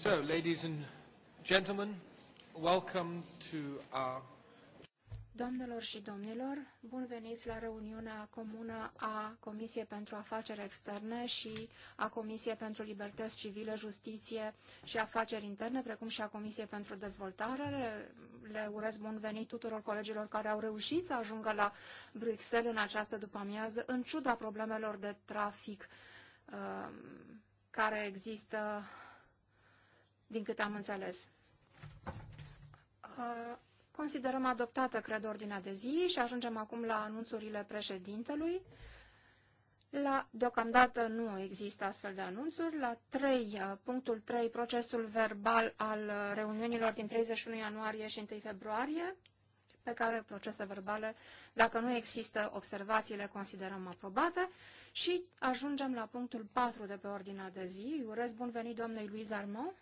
So, ladies and gentlemen, welcome to our... Doamnelor și domnilor, bun veniți la reuniunea comună a Comisiei pentru Afaceri Externe și a Comisiei pentru Libertăți Civile, Justiție și Afaceri Interne, precum și a Comisiei pentru Dezvoltare. Le, le urez bun venit tuturor colegilor care au reușit să ajungă la Bruxelles în această după-amiază, în ciuda problemelor de trafic uh, care există din cât am înțeles. Uh, considerăm adoptată, cred, ordinea de zi și ajungem acum la anunțurile președintelui. La, deocamdată nu există astfel de anunțuri. La 3, uh, punctul 3, procesul verbal al uh, reuniunilor din 31 ianuarie și 1 februarie, pe care procese verbale, dacă nu există observații, le considerăm aprobate. Și ajungem la punctul 4 de pe ordinea de zi. Urez bun venit doamnei Luiz Armand,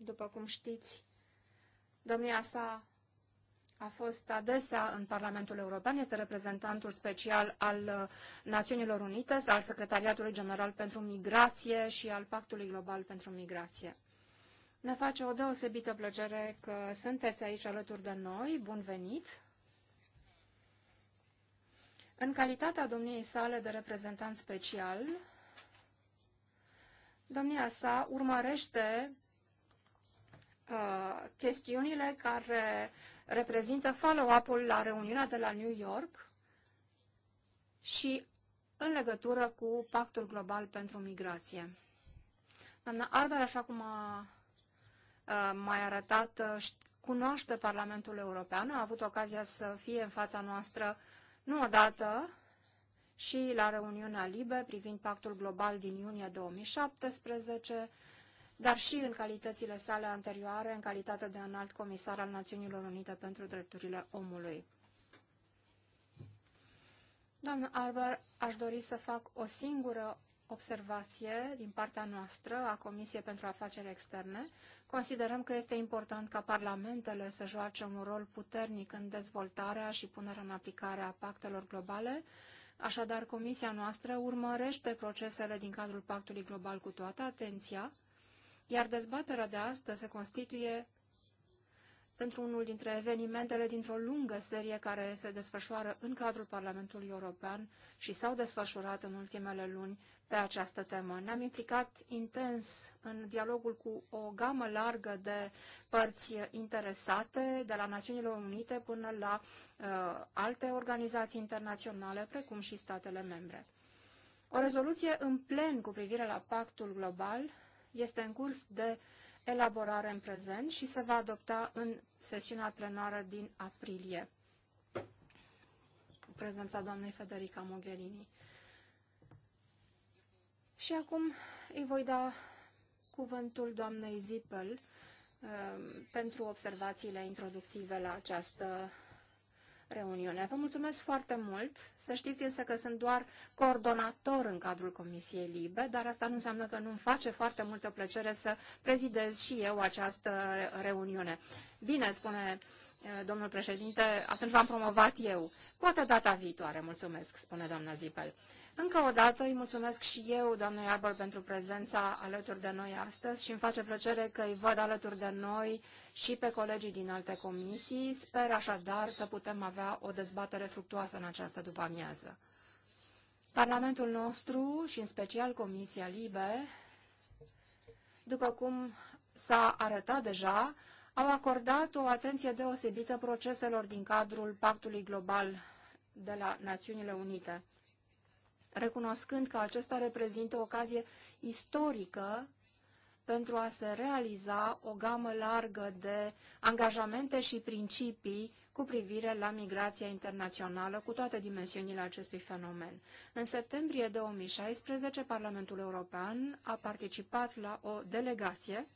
după cum știți, domnia sa a fost adesea în Parlamentul European, este reprezentantul special al uh, Națiunilor Unite, al Secretariatului General pentru Migrație și al Pactului Global pentru Migrație. Ne face o deosebită plăcere că sunteți aici alături de noi. Bun venit! În calitatea domniei sale de reprezentant special, domnia sa urmărește uh, chestiunile care reprezintă follow-up-ul la reuniunea de la New York și în legătură cu Pactul Global pentru Migrație. Doamna Arber, așa cum a uh, mai arătat, uh, cunoaște Parlamentul European, a avut ocazia să fie în fața noastră nu odată, și la reuniunea LIBE privind pactul global din iunie 2017, dar și în calitățile sale anterioare, în calitate de înalt comisar al Națiunilor Unite pentru Drepturile Omului. Doamnă Albert, aș dori să fac o singură observație din partea noastră a Comisiei pentru Afaceri Externe. Considerăm că este important ca parlamentele să joace un rol puternic în dezvoltarea și punerea în aplicare a pactelor globale. Așadar, Comisia noastră urmărește procesele din cadrul Pactului Global cu toată atenția iar dezbaterea de astăzi se constituie într-unul dintre evenimentele dintr-o lungă serie care se desfășoară în cadrul Parlamentului European și s-au desfășurat în ultimele luni pe această temă. Ne-am implicat intens în dialogul cu o gamă largă de părți interesate, de la Națiunile Unite până la uh, alte organizații internaționale, precum și statele membre. O rezoluție în plen cu privire la pactul global este în curs de elaborare în prezent și se va adopta în sesiunea plenară din aprilie, cu prezența doamnei Federica Mogherini. Și acum îi voi da cuvântul doamnei Zipel um, pentru observațiile introductive la această reuniune. Vă mulțumesc foarte mult. Să știți însă că sunt doar coordonator în cadrul Comisiei Libe, dar asta nu înseamnă că nu-mi face foarte multă plăcere să prezidez și eu această reuniune. Bine, spune domnul președinte, atunci v-am promovat eu. Poate data viitoare, mulțumesc, spune doamna Zipel. Încă o dată îi mulțumesc și eu, doamnei Arbor, pentru prezența alături de noi astăzi și îmi face plăcere că îi văd alături de noi și pe colegii din alte comisii. Sper așadar să putem avea o dezbatere fructuoasă în această după-amiază. Parlamentul nostru și în special Comisia Libe, după cum s-a arătat deja, au acordat o atenție deosebită proceselor din cadrul Pactului Global de la Națiunile Unite recunoscând că acesta reprezintă o ocazie istorică pentru a se realiza o gamă largă de angajamente și principii cu privire la migrația internațională, cu toate dimensiunile acestui fenomen. În septembrie 2016, Parlamentul European a participat la o delegație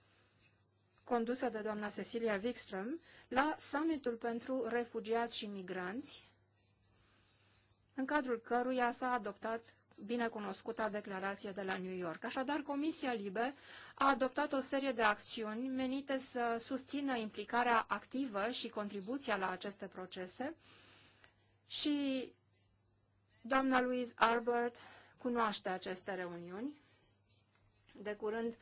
condusă de doamna Cecilia Wikström la summitul pentru refugiați și migranți, în cadrul căruia s-a adoptat binecunoscuta declarație de la New York. Așadar, Comisia Libe a adoptat o serie de acțiuni menite să susțină implicarea activă și contribuția la aceste procese și doamna Louise Arbert cunoaște aceste reuniuni. De curând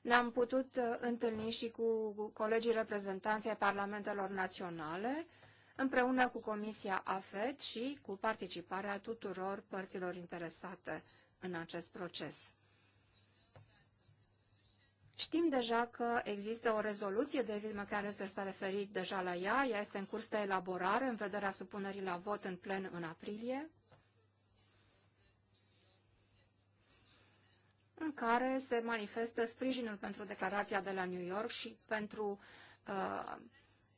ne-am putut uh, întâlni și cu colegii reprezentanții Parlamentelor Naționale, împreună cu Comisia AFET și cu participarea tuturor părților interesate în acest proces. Știm deja că există o rezoluție, David McAllister s-a referit deja la ea, ea este în curs de elaborare în vederea supunerii la vot în plen în aprilie, în care se manifestă sprijinul pentru declarația de la New York și pentru uh,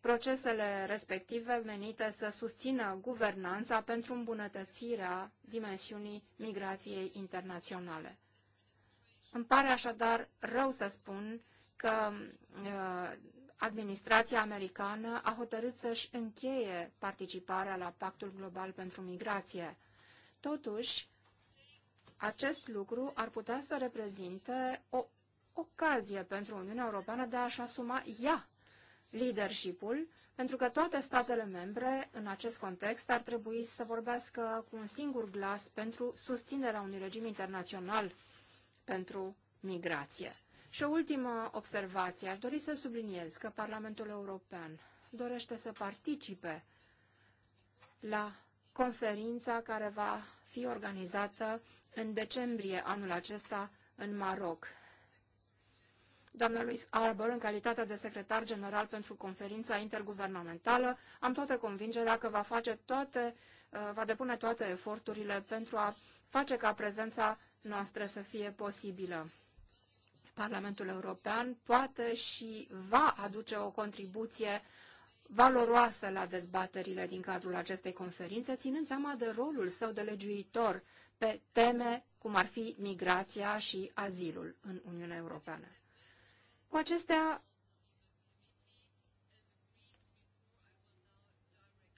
procesele respective menite să susțină guvernanța pentru îmbunătățirea dimensiunii migrației internaționale. Îmi pare așadar rău să spun că uh, administrația americană a hotărât să-și încheie participarea la Pactul Global pentru Migrație. Totuși, acest lucru ar putea să reprezinte o ocazie pentru Uniunea Europeană de a-și asuma ea leadership-ul, pentru că toate statele membre, în acest context, ar trebui să vorbească cu un singur glas pentru susținerea unui regim internațional pentru migrație. Și o ultimă observație. Aș dori să subliniez că Parlamentul European dorește să participe la conferința care va fi organizată în decembrie anul acesta în Maroc doamna Louise Arbor, în calitate de secretar general pentru conferința interguvernamentală, am toată convingerea că va face toate, uh, va depune toate eforturile pentru a face ca prezența noastră să fie posibilă. Parlamentul European poate și va aduce o contribuție valoroasă la dezbaterile din cadrul acestei conferințe, ținând seama de rolul său de legiuitor pe teme cum ar fi migrația și azilul în Uniunea Europeană. Cu acestea,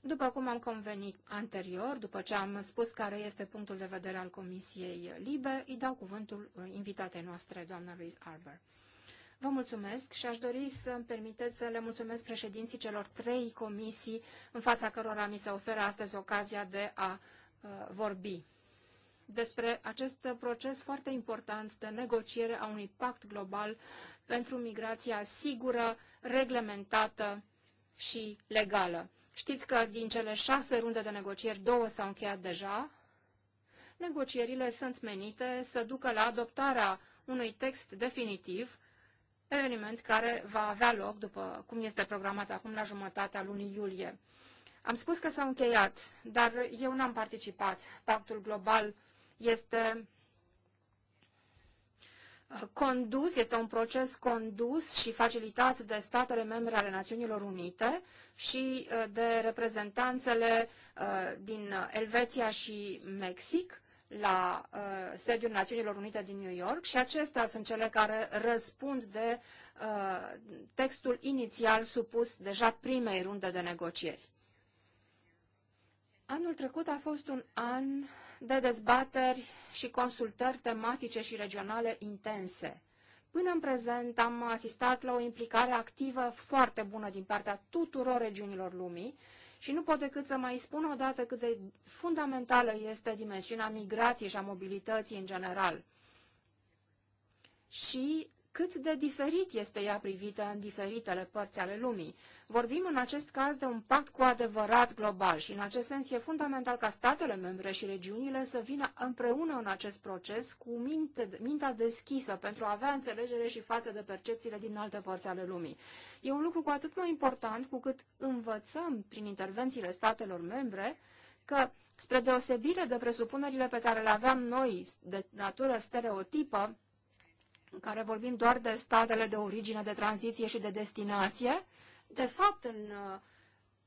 după cum am convenit anterior, după ce am spus care este punctul de vedere al Comisiei Libe, îi dau cuvântul uh, invitatei noastre, doamna Louise Arber. Vă mulțumesc și aș dori să îmi permiteți să le mulțumesc președinții celor trei comisii în fața cărora mi se oferă astăzi ocazia de a uh, vorbi despre acest proces foarte important de negociere a unui pact global pentru migrația sigură, reglementată și legală. Știți că din cele șase runde de negocieri, două s-au încheiat deja. Negocierile sunt menite să ducă la adoptarea unui text definitiv, eveniment care va avea loc, după cum este programat acum, la jumătatea lunii iulie. Am spus că s-au încheiat, dar eu n-am participat. Pactul global este uh, condus, este un proces condus și facilitat de statele membre ale Națiunilor Unite și uh, de reprezentanțele uh, din Elveția și Mexic la sediul Națiunilor Unite din New York și acestea sunt cele care răspund de textul inițial supus deja primei runde de negocieri. Anul trecut a fost un an de dezbateri și consultări tematice și regionale intense. Până în prezent am asistat la o implicare activă foarte bună din partea tuturor regiunilor lumii și nu pot decât să mai spun o dată cât de fundamentală este dimensiunea migrației și a mobilității în general. Și cât de diferit este ea privită în diferitele părți ale lumii. Vorbim în acest caz de un pact cu adevărat global și în acest sens e fundamental ca statele membre și regiunile să vină împreună în acest proces cu minte, mintea deschisă pentru a avea înțelegere și față de percepțiile din alte părți ale lumii. E un lucru cu atât mai important cu cât învățăm prin intervențiile statelor membre că Spre deosebire de presupunerile pe care le aveam noi de natură stereotipă, în care vorbim doar de statele de origine, de tranziție și de destinație, de fapt, în, uh,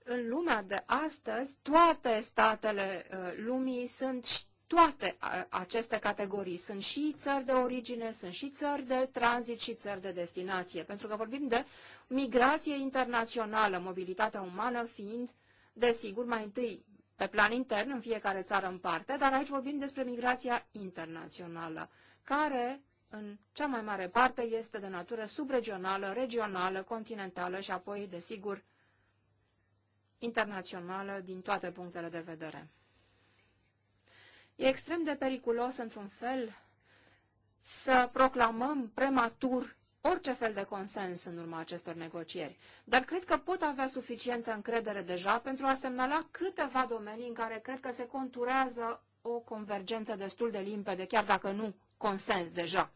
în lumea de astăzi, toate statele uh, lumii sunt toate aceste categorii. Sunt și țări de origine, sunt și țări de tranzit și țări de destinație, pentru că vorbim de migrație internațională, mobilitatea umană fiind, desigur, mai întâi pe plan intern, în fiecare țară în parte, dar aici vorbim despre migrația internațională, care în cea mai mare parte este de natură subregională, regională, continentală și apoi, desigur, internațională din toate punctele de vedere. E extrem de periculos, într-un fel, să proclamăm prematur orice fel de consens în urma acestor negocieri, dar cred că pot avea suficientă încredere deja pentru a semnala câteva domenii în care cred că se conturează o convergență destul de limpede, chiar dacă nu consens deja.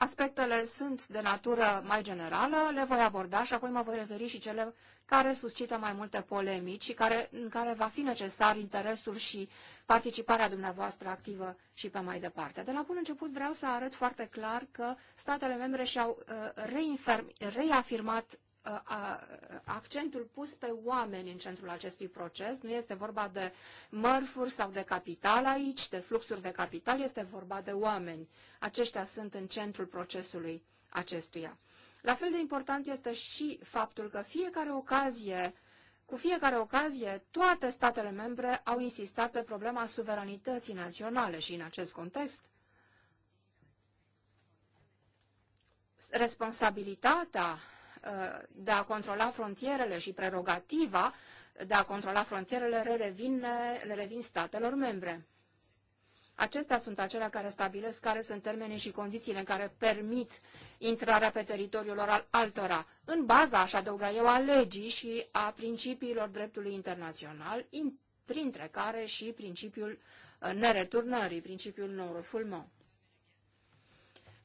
Aspectele sunt de natură mai generală, le voi aborda și apoi mă voi referi și cele care suscită mai multe polemici și care, în care va fi necesar interesul și participarea dumneavoastră activă și pe mai departe. De la bun început vreau să arăt foarte clar că statele membre și-au uh, reafirmat accentul pus pe oameni în centrul acestui proces. Nu este vorba de mărfuri sau de capital aici, de fluxuri de capital, este vorba de oameni. Aceștia sunt în centrul procesului acestuia. La fel de important este și faptul că fiecare ocazie, cu fiecare ocazie, toate statele membre au insistat pe problema suveranității naționale și în acest context responsabilitatea Uh, de a controla frontierele și prerogativa de a controla frontierele le revin, le revin statelor membre. Acestea sunt acelea care stabilesc care sunt termenii și condițiile care permit intrarea pe teritoriul lor al altora, în baza, aș adăuga eu, a legii și a principiilor dreptului internațional, printre care și principiul uh, nereturnării, principiul non-refoulement.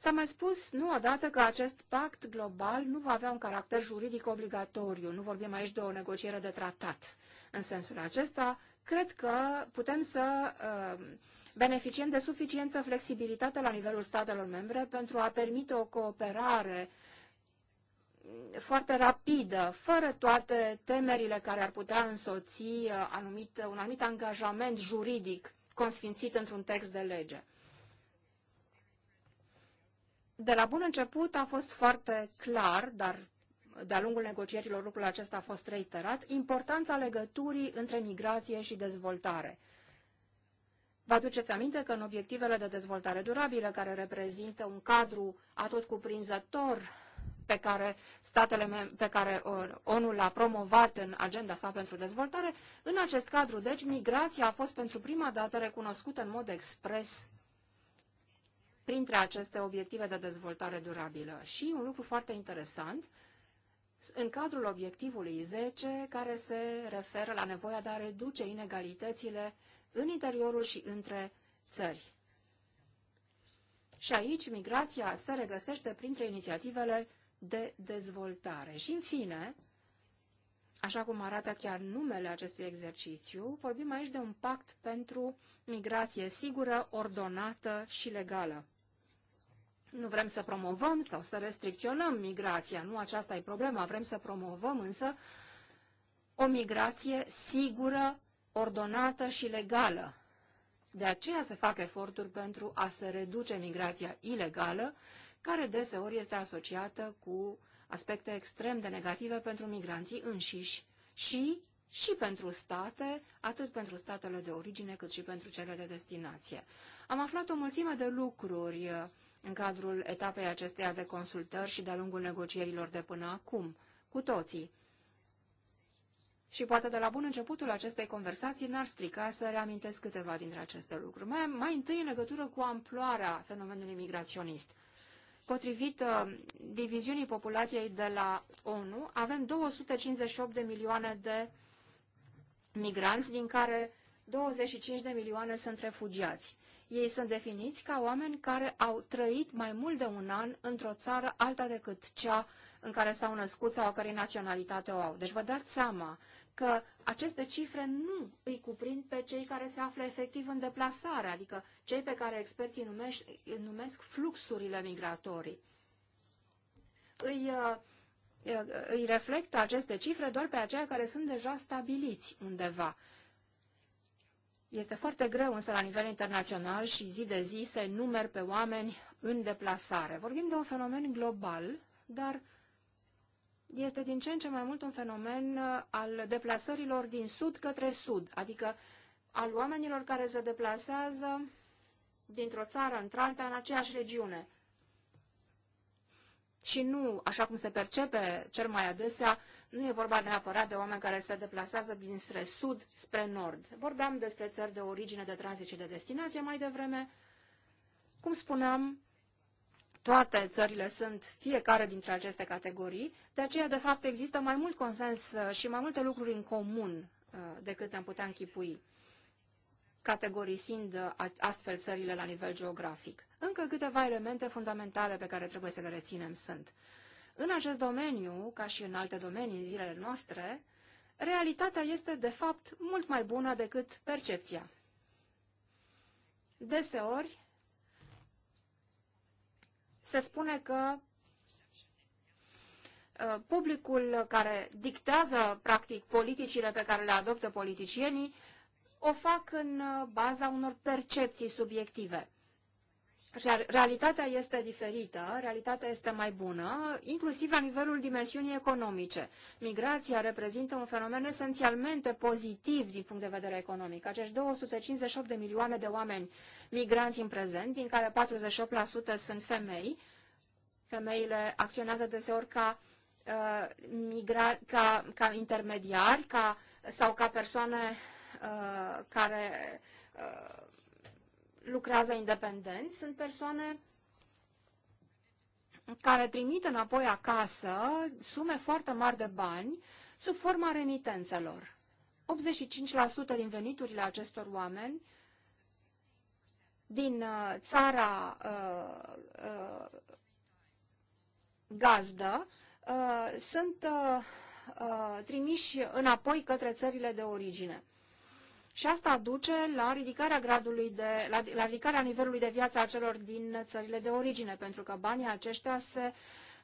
S-a mai spus nu odată că acest pact global nu va avea un caracter juridic obligatoriu, nu vorbim aici de o negociere de tratat. În sensul acesta, cred că putem să uh, beneficiem de suficientă flexibilitate la nivelul statelor membre pentru a permite o cooperare foarte rapidă, fără toate temerile care ar putea însoți uh, anumit, un anumit angajament juridic consfințit într-un text de lege. De la bun început a fost foarte clar, dar de-a lungul negocierilor lucrul acesta a fost reiterat, importanța legăturii între migrație și dezvoltare. Vă aduceți aminte că în obiectivele de dezvoltare durabilă, care reprezintă un cadru atot cuprinzător pe care, statele pe care uh, ONU l-a promovat în agenda sa pentru dezvoltare, în acest cadru, deci, migrația a fost pentru prima dată recunoscută în mod expres printre aceste obiective de dezvoltare durabilă. Și un lucru foarte interesant, în cadrul obiectivului 10, care se referă la nevoia de a reduce inegalitățile în interiorul și între țări. Și aici migrația se regăsește printre inițiativele de dezvoltare. Și în fine, așa cum arată chiar numele acestui exercițiu, vorbim aici de un pact pentru migrație sigură, ordonată și legală. Nu vrem să promovăm sau să restricționăm migrația, nu aceasta e problema. Vrem să promovăm însă o migrație sigură, ordonată și legală. De aceea se fac eforturi pentru a se reduce migrația ilegală, care deseori este asociată cu aspecte extrem de negative pentru migranții înșiși și și pentru state, atât pentru statele de origine cât și pentru cele de destinație. Am aflat o mulțime de lucruri în cadrul etapei acesteia de consultări și de-a lungul negocierilor de până acum, cu toții. Și poate de la bun începutul acestei conversații n-ar strica să reamintesc câteva dintre aceste lucruri. Mai, mai întâi în legătură cu amploarea fenomenului migraționist. Potrivit uh, diviziunii populației de la ONU, avem 258 de milioane de migranți, din care 25 de milioane sunt refugiați. Ei sunt definiți ca oameni care au trăit mai mult de un an într-o țară alta decât cea în care s-au născut sau a cărei naționalitate o au. Deci vă dați seama că aceste cifre nu îi cuprind pe cei care se află efectiv în deplasare, adică cei pe care experții numesc, numesc fluxurile migratorii. Îi, uh, uh, îi reflectă aceste cifre doar pe aceia care sunt deja stabiliți undeva. Este foarte greu însă la nivel internațional și zi de zi se numeri pe oameni în deplasare. Vorbim de un fenomen global, dar este din ce în ce mai mult un fenomen uh, al deplasărilor din sud către sud, adică al oamenilor care se deplasează dintr-o țară într-alta în aceeași regiune și nu, așa cum se percepe cel mai adesea, nu e vorba neapărat de oameni care se deplasează dinspre sud spre nord. Vorbeam despre țări de origine, de tranzit și de destinație mai devreme. Cum spuneam, toate țările sunt fiecare dintre aceste categorii, de aceea, de fapt, există mai mult consens uh, și mai multe lucruri în comun uh, decât ne-am putea închipui categorisind uh, astfel țările la nivel geografic. Încă câteva elemente fundamentale pe care trebuie să le reținem sunt. În acest domeniu, ca și în alte domenii în zilele noastre, realitatea este, de fapt, mult mai bună decât percepția. Deseori, se spune că uh, publicul care dictează, practic, politicile pe care le adoptă politicienii o fac în uh, baza unor percepții subjective. Realitatea este diferită, realitatea este mai bună, inclusiv la nivelul dimensiunii economice. Migrația reprezintă un fenomen esențialmente pozitiv din punct de vedere economic. Acești 258 de milioane de oameni migranți în prezent, din care 48% sunt femei, femeile acționează deseori ca, uh, migra- ca, ca intermediari ca, sau ca persoane Uh, care uh, lucrează independent, sunt persoane care trimit înapoi acasă sume foarte mari de bani sub forma remitențelor. 85% din veniturile acestor oameni din uh, țara gazdă sunt trimiși înapoi către țările de origine. Și asta duce la ridicarea, gradului de, la, la ridicarea nivelului de viață a celor din țările de origine, pentru că banii aceștia se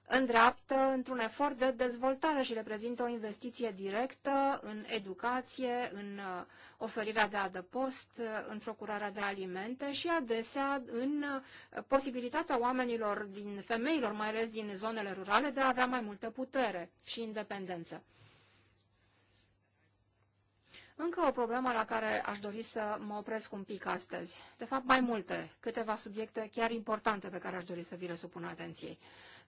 îndreaptă într-un efort de dezvoltare și reprezintă o investiție directă în educație, în uh, oferirea de adăpost, uh, în procurarea de alimente și adesea în uh, posibilitatea oamenilor, din femeilor, mai ales din zonele rurale, de a avea mai multă putere și independență. Încă o problemă la care aș dori să mă opresc un pic astăzi. De fapt, mai multe, câteva subiecte chiar importante pe care aș dori să vi le supun atenției.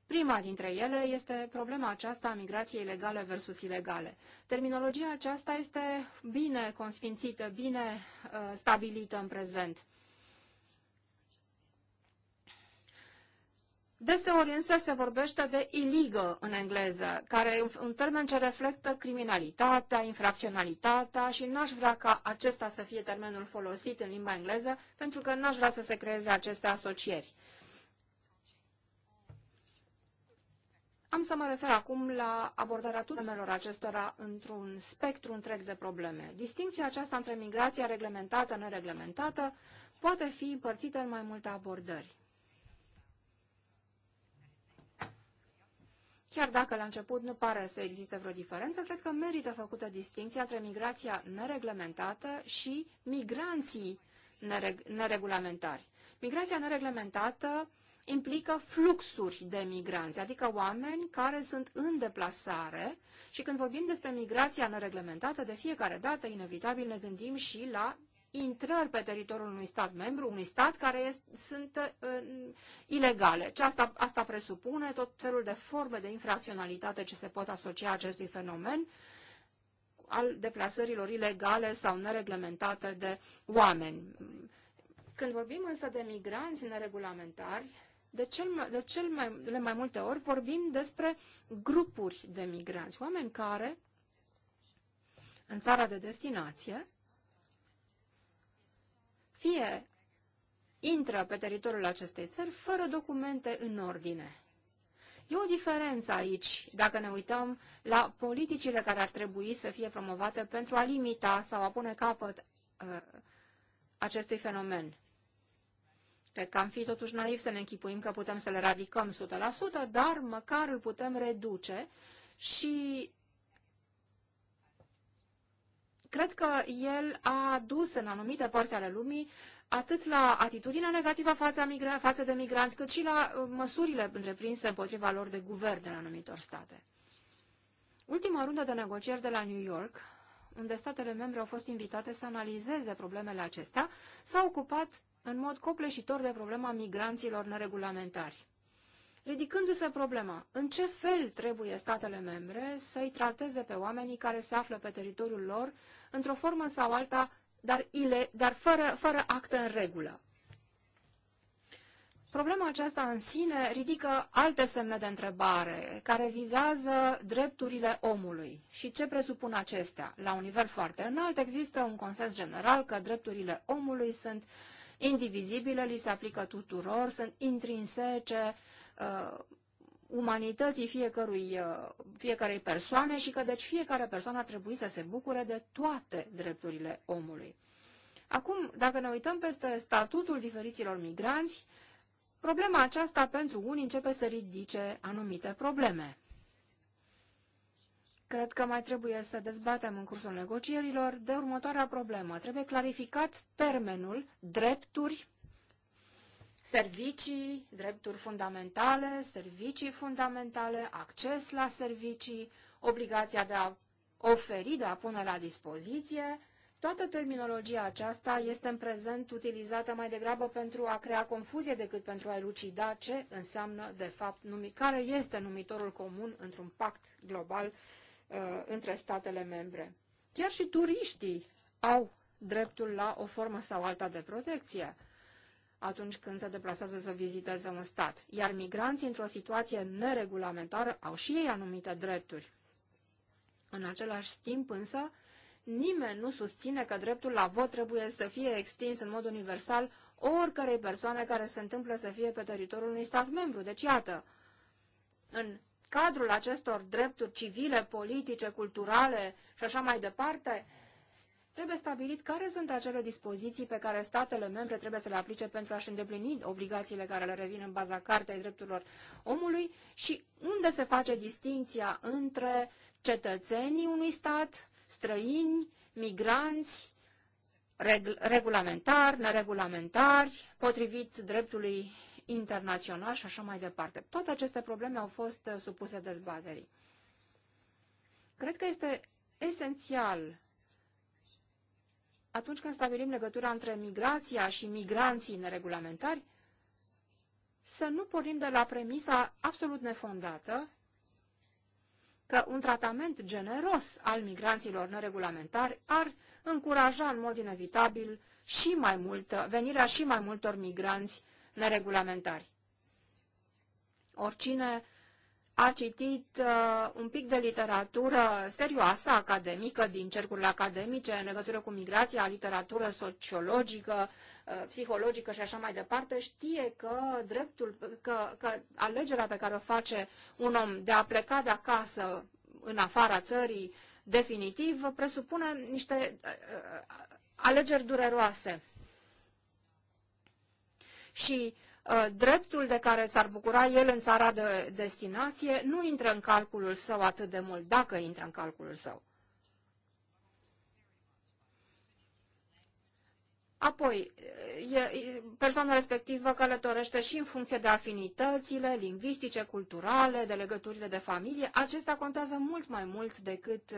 Prima dintre ele este problema aceasta a migrației legale versus ilegale. Terminologia aceasta este bine consfințită, bine uh, stabilită în prezent. Deseori însă se vorbește de iligă în engleză, care e un termen ce reflectă criminalitatea, infracționalitatea și n-aș vrea ca acesta să fie termenul folosit în limba engleză, pentru că n-aș vrea să se creeze aceste asocieri. Am să mă refer acum la abordarea tuturor acestora într-un spectru întreg de probleme. Distinția aceasta între migrația reglementată-nereglementată poate fi împărțită în mai multe abordări. Chiar dacă la început nu pare să existe vreo diferență, cred că merită făcută distinția între migrația nereglementată și migranții nereg neregulamentari. Migrația nereglementată implică fluxuri de migranți, adică oameni care sunt în deplasare și când vorbim despre migrația nereglementată, de fiecare dată, inevitabil, ne gândim și la intrări pe teritoriul unui stat membru, unui stat care este, sunt uh, ilegale. Ce asta, asta presupune tot felul de forme de infracționalitate ce se pot asocia acestui fenomen al deplasărilor ilegale sau nereglementate de oameni. Când vorbim însă de migranți neregulamentari, de, cel mai, de cel mai, de mai multe ori vorbim despre grupuri de migranți, oameni care în țara de destinație fie intră pe teritoriul acestei țări fără documente în ordine. E o diferență aici, dacă ne uităm la politicile care ar trebui să fie promovate pentru a limita sau a pune capăt uh, acestui fenomen. Cred că am fi totuși naiv să ne închipuim că putem să le radicăm 100%, dar măcar îl putem reduce și cred că el a dus în anumite părți ale lumii atât la atitudinea negativă față, migra- față de migranți, cât și la uh, măsurile întreprinse împotriva lor de de la anumitor state. Ultima rundă de negocieri de la New York, unde statele membre au fost invitate să analizeze problemele acestea, s-a ocupat în mod copleșitor de problema migranților neregulamentari ridicându-se problema în ce fel trebuie statele membre să-i trateze pe oamenii care se află pe teritoriul lor într-o formă sau alta, dar, ile, dar fără, fără acte în regulă. Problema aceasta în sine ridică alte semne de întrebare care vizează drepturile omului și ce presupun acestea. La un nivel foarte înalt există un consens general că drepturile omului sunt indivizibile, li se aplică tuturor, sunt intrinsece uh, umanității fiecărui, uh, fiecarei persoane și că deci fiecare persoană ar trebui să se bucure de toate drepturile omului. Acum, dacă ne uităm peste statutul diferiților migranți, problema aceasta pentru unii începe să ridice anumite probleme. Cred că mai trebuie să dezbatem în cursul negocierilor de următoarea problemă. Trebuie clarificat termenul drepturi servicii, drepturi fundamentale, servicii fundamentale, acces la servicii, obligația de a oferi, de a pune la dispoziție. Toată terminologia aceasta este în prezent utilizată mai degrabă pentru a crea confuzie decât pentru a elucida ce înseamnă, de fapt, numi, care este numitorul comun într-un pact global uh, între statele membre. Chiar și turiștii au dreptul la o formă sau alta de protecție atunci când se deplasează să viziteze un stat. Iar migranții într-o situație neregulamentară au și ei anumite drepturi. În același timp însă, nimeni nu susține că dreptul la vot trebuie să fie extins în mod universal oricărei persoane care se întâmplă să fie pe teritoriul unui stat membru. Deci, iată, în cadrul acestor drepturi civile, politice, culturale și așa mai departe, trebuie stabilit care sunt acele dispoziții pe care statele membre trebuie să le aplice pentru a-și îndeplini obligațiile care le revin în baza Cartei Drepturilor Omului și unde se face distinția între cetățenii unui stat, străini, migranți, reg regulamentari, neregulamentari, potrivit dreptului internațional și așa mai departe. Toate aceste probleme au fost supuse dezbaterii. Cred că este esențial atunci când stabilim legătura între migrația și migranții neregulamentari, să nu pornim de la premisa absolut nefondată că un tratament generos al migranților neregulamentari ar încuraja în mod inevitabil și mai multă, venirea și mai multor migranți neregulamentari. Oricine a citit uh, un pic de literatură serioasă academică din cercurile academice în legătură cu migrația, literatură sociologică, uh, psihologică și așa mai departe, știe că dreptul, că, că alegerea pe care o face un om de a pleca de acasă în afara țării definitiv presupune niște uh, uh alegeri dureroase. Și uh, Uh, dreptul de care s-ar bucura el în țara de destinație nu intră în calculul său atât de mult, dacă intră în calculul său. Apoi, uh, persoana respectivă călătorește și în funcție de afinitățile lingvistice, culturale, de legăturile de familie. Acesta contează mult mai mult decât uh,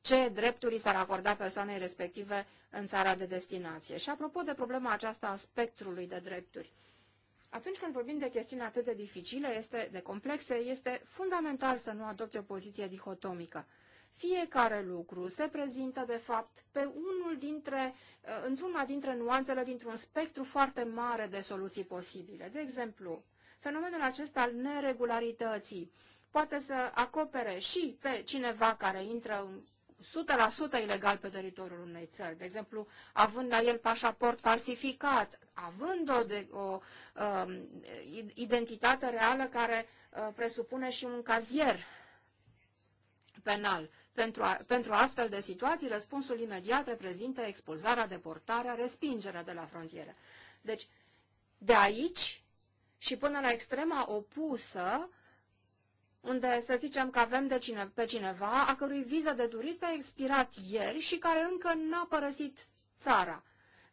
ce drepturi s-ar acorda persoanei respective în țara de destinație. Și apropo de problema aceasta a spectrului de drepturi, atunci când vorbim de chestiuni atât de dificile, este, de complexe, este fundamental să nu adopți o poziție dihotomică. Fiecare lucru se prezintă, de fapt, pe unul dintre, uh, într-una dintre nuanțele dintr-un spectru foarte mare de soluții posibile. De exemplu, fenomenul acesta al neregularității poate să acopere și pe cineva care intră în 100% ilegal pe teritoriul unei țări, de exemplu, având la el pașaport falsificat, având o, de, o um, identitate reală care uh, presupune și un cazier penal. Pentru, a, pentru astfel de situații, răspunsul imediat reprezintă expulzarea, deportarea, respingerea de la frontieră. Deci, de aici și până la extrema opusă, unde să zicem că avem de cine, pe cineva a cărui viză de turist a expirat ieri și care încă n-a părăsit țara.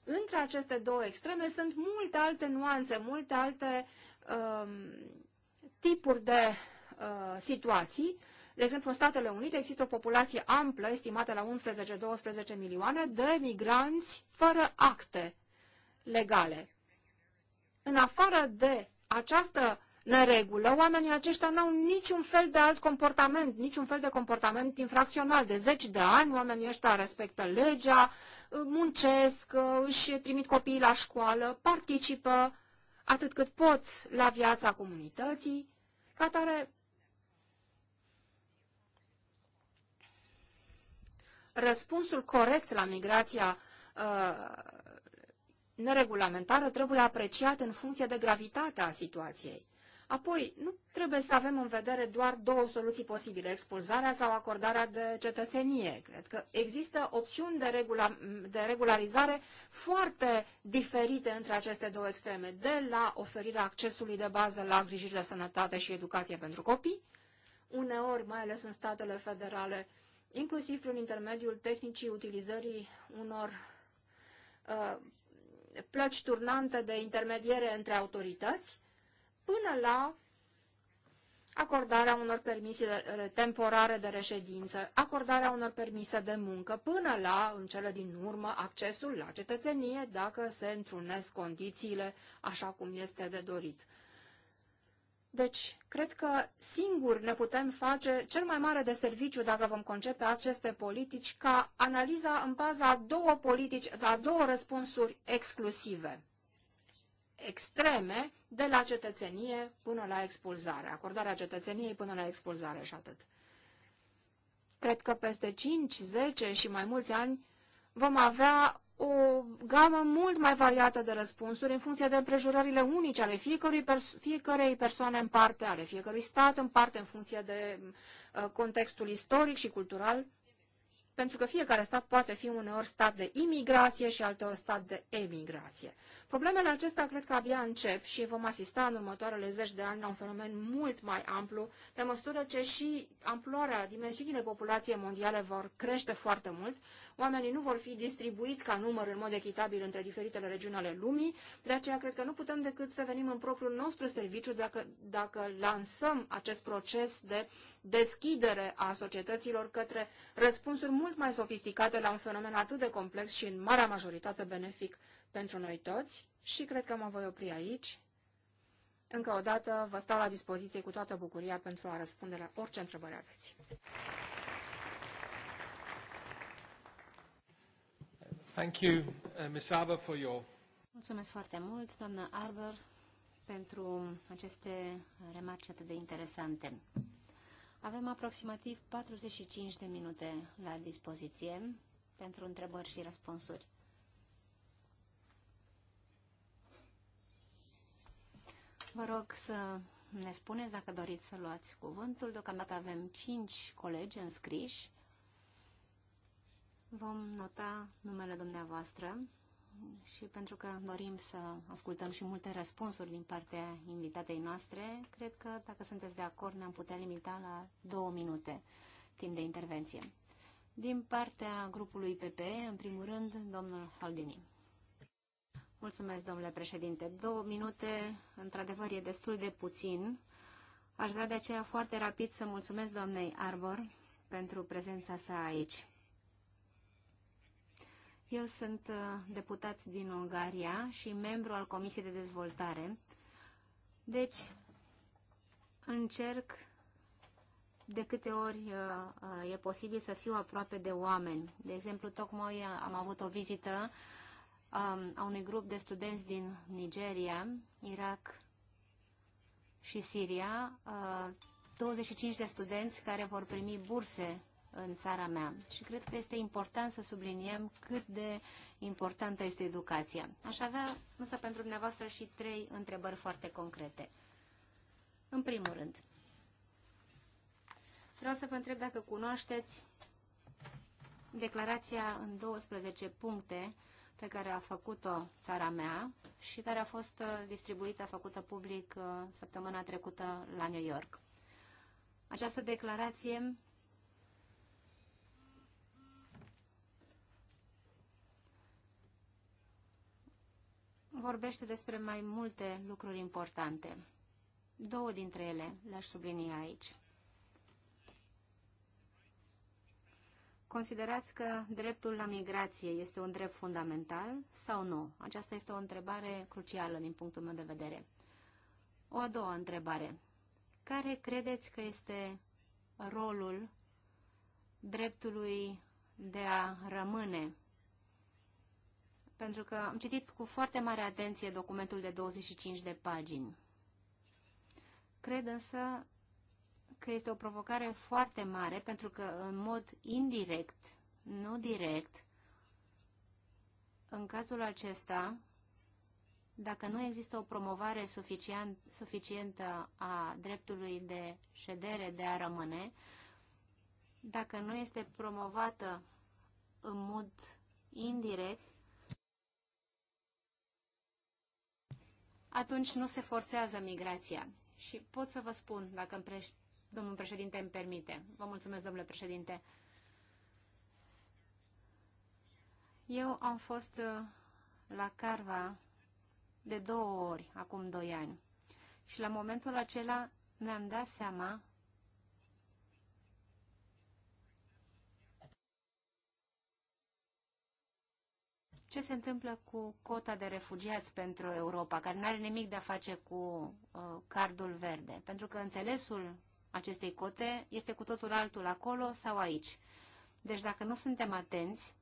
Între aceste două extreme sunt multe alte nuanțe, multe alte um, tipuri de uh, situații. De exemplu, în Statele Unite există o populație amplă, estimată la 11-12 milioane, de migranți fără acte legale. În afară de această uh, neregulă, oamenii aceștia n-au niciun fel de alt comportament, niciun fel de comportament infracțional. De zeci de ani oamenii ăștia respectă legea, muncesc, își trimit copiii la școală, participă atât cât pot la viața comunității, ca tare răspunsul corect la migrația uh, neregulamentară trebuie apreciat în funcție de gravitatea situației. Apoi, nu trebuie să avem în vedere doar două soluții posibile, expulzarea sau acordarea de cetățenie. Cred că există opțiuni de, regula, de regularizare foarte diferite între aceste două extreme, de la oferirea accesului de bază la îngrijiri de sănătate și educație pentru copii, uneori, mai ales în statele federale, inclusiv prin intermediul tehnicii utilizării unor uh, plăci turnante de intermediere între autorități, până la acordarea unor permise temporare de reședință, acordarea unor permise de muncă, până la, în cele din urmă, accesul la cetățenie, dacă se întrunesc condițiile așa cum este de dorit. Deci, cred că singur ne putem face cel mai mare de serviciu dacă vom concepe aceste politici ca analiza în baza a două politici, a două răspunsuri exclusive extreme, de la cetățenie până la expulzare, acordarea cetățeniei până la expulzare și atât. Cred că peste 5, 10 și mai mulți ani vom avea o gamă mult mai variată de răspunsuri în funcție de împrejurările unice ale fiecărui perso- fiecărei persoane în parte, ale fiecărui stat în parte, în funcție de uh, contextul istoric și cultural pentru că fiecare stat poate fi uneori stat de imigrație și alteori stat de emigrație. Problemele acestea cred că abia încep și vom asista în următoarele zeci de ani la un fenomen mult mai amplu, pe măsură ce și amploarea, dimensiunile populației mondiale vor crește foarte mult, oamenii nu vor fi distribuiți ca număr în mod echitabil între diferitele regiuni ale lumii, de aceea cred că nu putem decât să venim în propriul nostru serviciu dacă, dacă lansăm acest proces de deschidere a societăților către răspunsuri mult mai sofisticate la un fenomen atât de complex și în marea majoritate benefic pentru noi toți și cred că mă voi opri aici. Încă o dată vă stau la dispoziție cu toată bucuria pentru a răspunde la orice întrebări aveți. Thank you, uh, Ms. Arbor, for your... Mulțumesc foarte mult, doamnă Arbor, pentru aceste remarci atât de interesante. Avem aproximativ 45 de minute la dispoziție pentru întrebări și răspunsuri. Vă rog să ne spuneți dacă doriți să luați cuvântul. Deocamdată avem 5 colegi înscriși. Vom nota numele dumneavoastră și pentru că dorim să ascultăm și multe răspunsuri din partea invitatei noastre, cred că, dacă sunteți de acord, ne-am putea limita la două minute timp de intervenție. Din partea grupului PP, în primul rând, domnul Haldini. Mulțumesc, domnule președinte. Două minute, într-adevăr, e destul de puțin. Aș vrea de aceea foarte rapid să mulțumesc doamnei Arbor pentru prezența sa aici. Eu sunt uh, deputat din Ungaria și membru al Comisiei de Dezvoltare. Deci, încerc de câte ori uh, uh, e posibil să fiu aproape de oameni. De exemplu, tocmai am avut o vizită um, a unui grup de studenți din Nigeria, Irak și Siria, 25 de studenți care vor primi burse în țara mea. Și cred că este important să subliniem cât de importantă este educația. Aș avea însă pentru dumneavoastră și trei întrebări foarte concrete. În primul rând, vreau să vă întreb dacă cunoașteți declarația în 12 puncte pe care a făcut-o țara mea și care a fost uh, distribuită, făcută public uh, săptămâna trecută la New York. Această declarație vorbește despre mai multe lucruri importante. Două dintre ele le-aș sublinia aici. Considerați că dreptul la migrație este un drept fundamental sau nu? Aceasta este o întrebare crucială din punctul meu de vedere. O a doua întrebare. Care credeți că este rolul dreptului de a rămâne pentru că am citit cu foarte mare atenție documentul de 25 de pagini. Cred însă că este o provocare foarte mare, pentru că în mod indirect, nu direct, în cazul acesta, dacă nu există o promovare suficient, suficientă a dreptului de ședere, de a rămâne, dacă nu este promovată în mod indirect, atunci nu se forțează migrația. Și pot să vă spun, dacă pre... domnul președinte îmi permite. Vă mulțumesc, domnule președinte. Eu am fost uh, la Carva de două ori, acum doi ani. Și la momentul acela mi-am dat seama ce se întâmplă cu cota de refugiați pentru Europa, care nu are nimic de a face cu uh, cardul verde, pentru că înțelesul acestei cote este cu totul altul acolo sau aici. Deci dacă nu suntem atenți,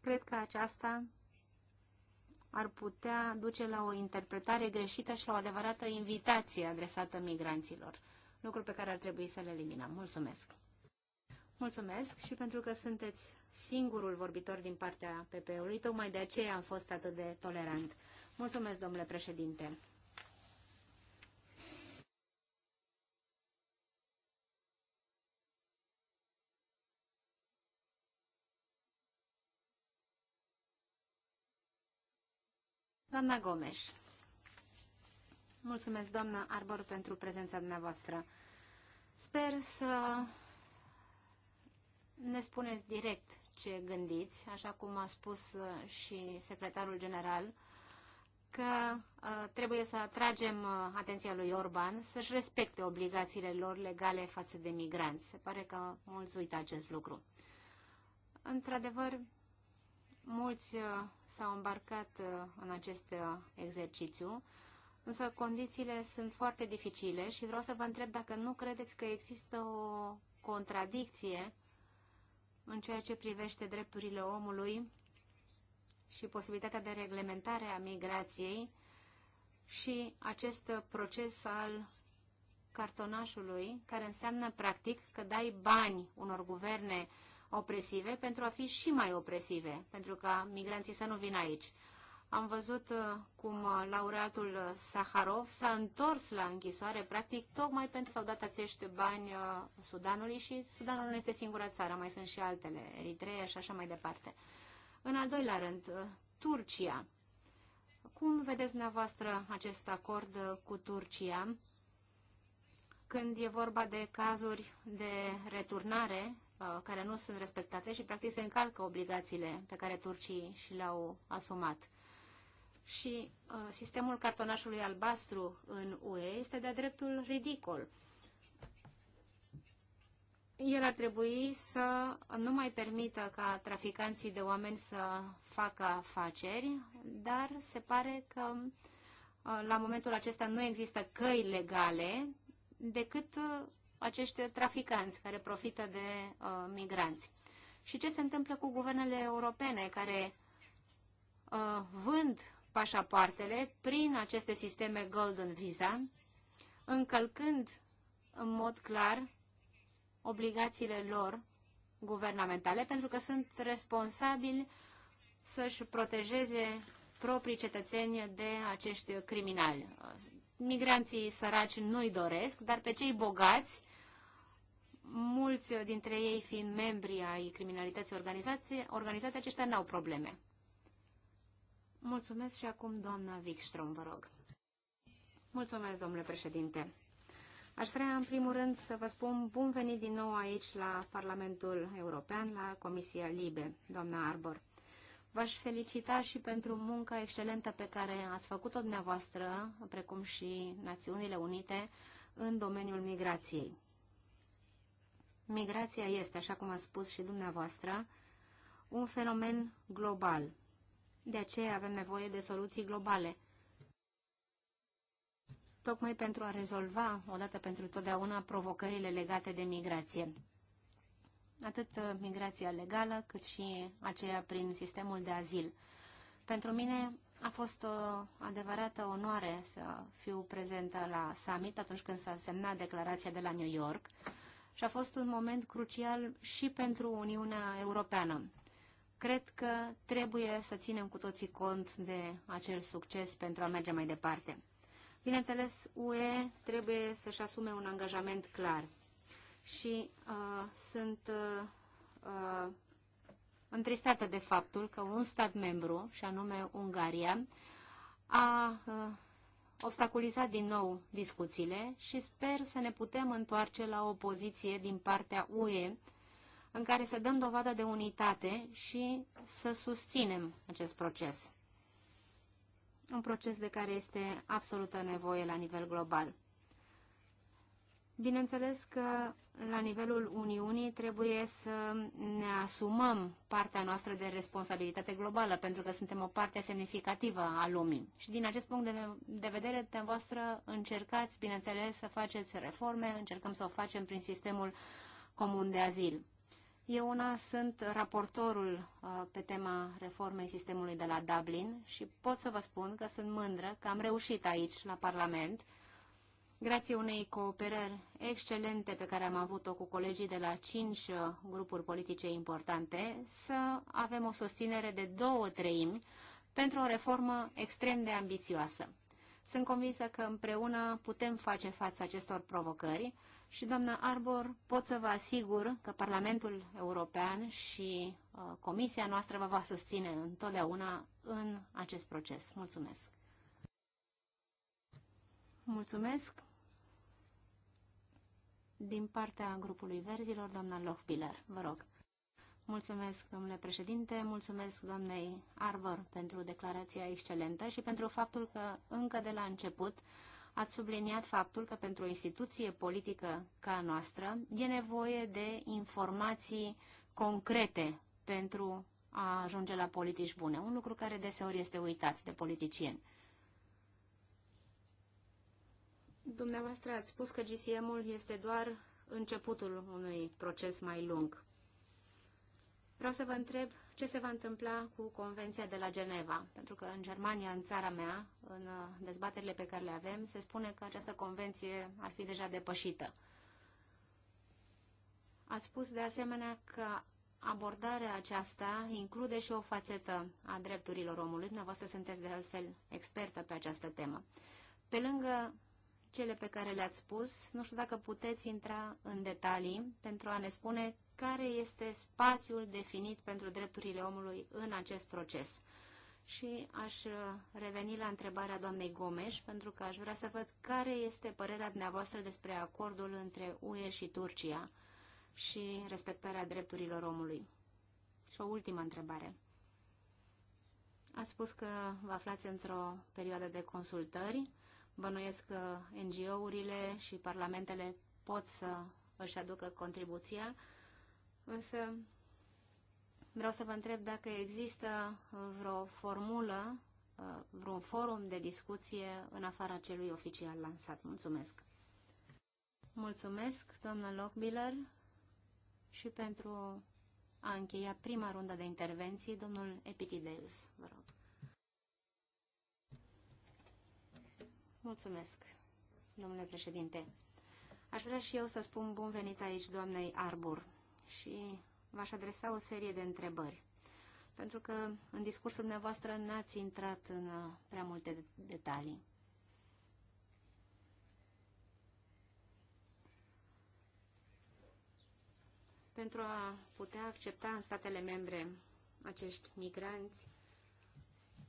cred că aceasta ar putea duce la o interpretare greșită și la o adevărată invitație adresată migranților, lucru pe care ar trebui să le eliminăm. Mulțumesc! Mulțumesc și pentru că sunteți singurul vorbitor din partea PP-ului, tocmai de aceea am fost atât de tolerant. Mulțumesc, domnule președinte. Doamna Gomes. Mulțumesc, doamna Arbor, pentru prezența dumneavoastră. Sper să ne spuneți direct ce gândiți, așa cum a spus uh, și secretarul general, că uh, trebuie să atragem uh, atenția lui Orban să-și respecte obligațiile lor legale față de migranți. Se pare că mulți uită acest lucru. Într-adevăr, mulți s-au îmbarcat în acest exercițiu, însă condițiile sunt foarte dificile și vreau să vă întreb dacă nu credeți că există o contradicție în ceea ce privește drepturile omului și posibilitatea de reglementare a migrației și acest proces al cartonașului, care înseamnă practic că dai bani unor guverne opresive pentru a fi și mai opresive, pentru ca migranții să nu vină aici. Am văzut uh, cum uh, laureatul Saharov s-a întors la închisoare, practic, tocmai pentru că s-au dat acești bani uh, Sudanului și Sudanul nu este singura țară, mai sunt și altele, Eritrea și așa mai departe. În al doilea rând, Turcia. Cum vedeți dumneavoastră acest acord cu Turcia când e vorba de cazuri de returnare care nu sunt respectate și practic se încalcă obligațiile pe care turcii și le-au asumat? și uh, sistemul cartonașului albastru în UE este de-a dreptul ridicol. El ar trebui să nu mai permită ca traficanții de oameni să facă afaceri, dar se pare că uh, la momentul acesta nu există căi legale decât uh, acești traficanți care profită de uh, migranți. Și ce se întâmplă cu guvernele europene care uh, vând pașapoartele prin aceste sisteme Golden Visa, încălcând în mod clar obligațiile lor guvernamentale, pentru că sunt responsabili să-și protejeze proprii cetățeni de acești criminali. Migranții săraci nu-i doresc, dar pe cei bogați, mulți dintre ei fiind membri ai criminalității organizate, aceștia n-au probleme. Mulțumesc și acum doamna Wikström, vă rog. Mulțumesc, domnule președinte. Aș vrea, în primul rând, să vă spun bun venit din nou aici la Parlamentul European, la Comisia Libe, doamna Arbor. V-aș felicita și pentru munca excelentă pe care ați făcut-o dumneavoastră, precum și Națiunile Unite, în domeniul migrației. Migrația este, așa cum ați spus și dumneavoastră, un fenomen global de aceea avem nevoie de soluții globale. Tocmai pentru a rezolva, odată pentru totdeauna, provocările legate de migrație. Atât uh, migrația legală, cât și aceea prin sistemul de azil. Pentru mine a fost o uh, adevărată onoare să fiu prezentă la summit atunci când s-a semnat declarația de la New York și a fost un moment crucial și pentru Uniunea Europeană. Cred că trebuie să ținem cu toții cont de acel succes pentru a merge mai departe. Bineînțeles, UE trebuie să-și asume un angajament clar și uh, sunt uh, uh, întristată de faptul că un stat membru, și anume Ungaria, a uh, obstaculizat din nou discuțiile și sper să ne putem întoarce la o poziție din partea UE în care să dăm dovadă de unitate și să susținem acest proces. Un proces de care este absolută nevoie la nivel global. Bineînțeles că la nivelul Uniunii trebuie să ne asumăm partea noastră de responsabilitate globală, pentru că suntem o parte semnificativă a lumii. Și din acest punct de vedere, de voastră încercați, bineînțeles, să faceți reforme, încercăm să o facem prin sistemul comun de azil. Eu una sunt raportorul uh, pe tema reformei sistemului de la Dublin și pot să vă spun că sunt mândră că am reușit aici, la Parlament, grație unei cooperări excelente pe care am avut-o cu colegii de la cinci uh, grupuri politice importante, să avem o susținere de două treimi pentru o reformă extrem de ambițioasă. Sunt convinsă că împreună putem face față acestor provocări și, doamna Arbor, pot să vă asigur că Parlamentul European și uh, Comisia noastră vă va susține întotdeauna în acest proces. Mulțumesc! Mulțumesc! Din partea grupului Verzilor, doamna Lochbiller, vă rog. Mulțumesc, domnule președinte, mulțumesc doamnei Arbor pentru declarația excelentă și pentru faptul că încă de la început ați subliniat faptul că pentru o instituție politică ca a noastră e nevoie de informații concrete pentru a ajunge la politici bune, un lucru care deseori este uitat de politicieni. Dumneavoastră ați spus că GCM-ul este doar începutul unui proces mai lung. Vreau să vă întreb ce se va întâmpla cu Convenția de la Geneva. Pentru că în Germania, în țara mea, în uh, dezbaterile pe care le avem, se spune că această convenție ar fi deja depășită. Ați spus de asemenea că abordarea aceasta include și o fațetă a drepturilor omului. Dumneavoastră sunteți de altfel expertă pe această temă. Pe lângă cele pe care le-ați spus. Nu știu dacă puteți intra în detalii pentru a ne spune care este spațiul definit pentru drepturile omului în acest proces. Și aș reveni la întrebarea doamnei Gomes, pentru că aș vrea să văd care este părerea dumneavoastră despre acordul între UE și Turcia și respectarea drepturilor omului. Și o ultimă întrebare. Ați spus că vă aflați într-o perioadă de consultări Bănuiesc că NGO-urile și parlamentele pot să își aducă contribuția, însă vreau să vă întreb dacă există vreo formulă, uh, vreun forum de discuție în afara celui oficial lansat. Mulțumesc! Mulțumesc, doamna Lockbiller, și pentru a încheia prima rundă de intervenții, domnul Epitideus, vă rog. Mulțumesc, domnule președinte. Aș vrea și eu să spun bun venit aici doamnei Arbur și v-aș adresa o serie de întrebări. Pentru că în discursul dumneavoastră n-ați intrat în uh, prea multe detalii. Pentru a putea accepta în statele membre acești migranți,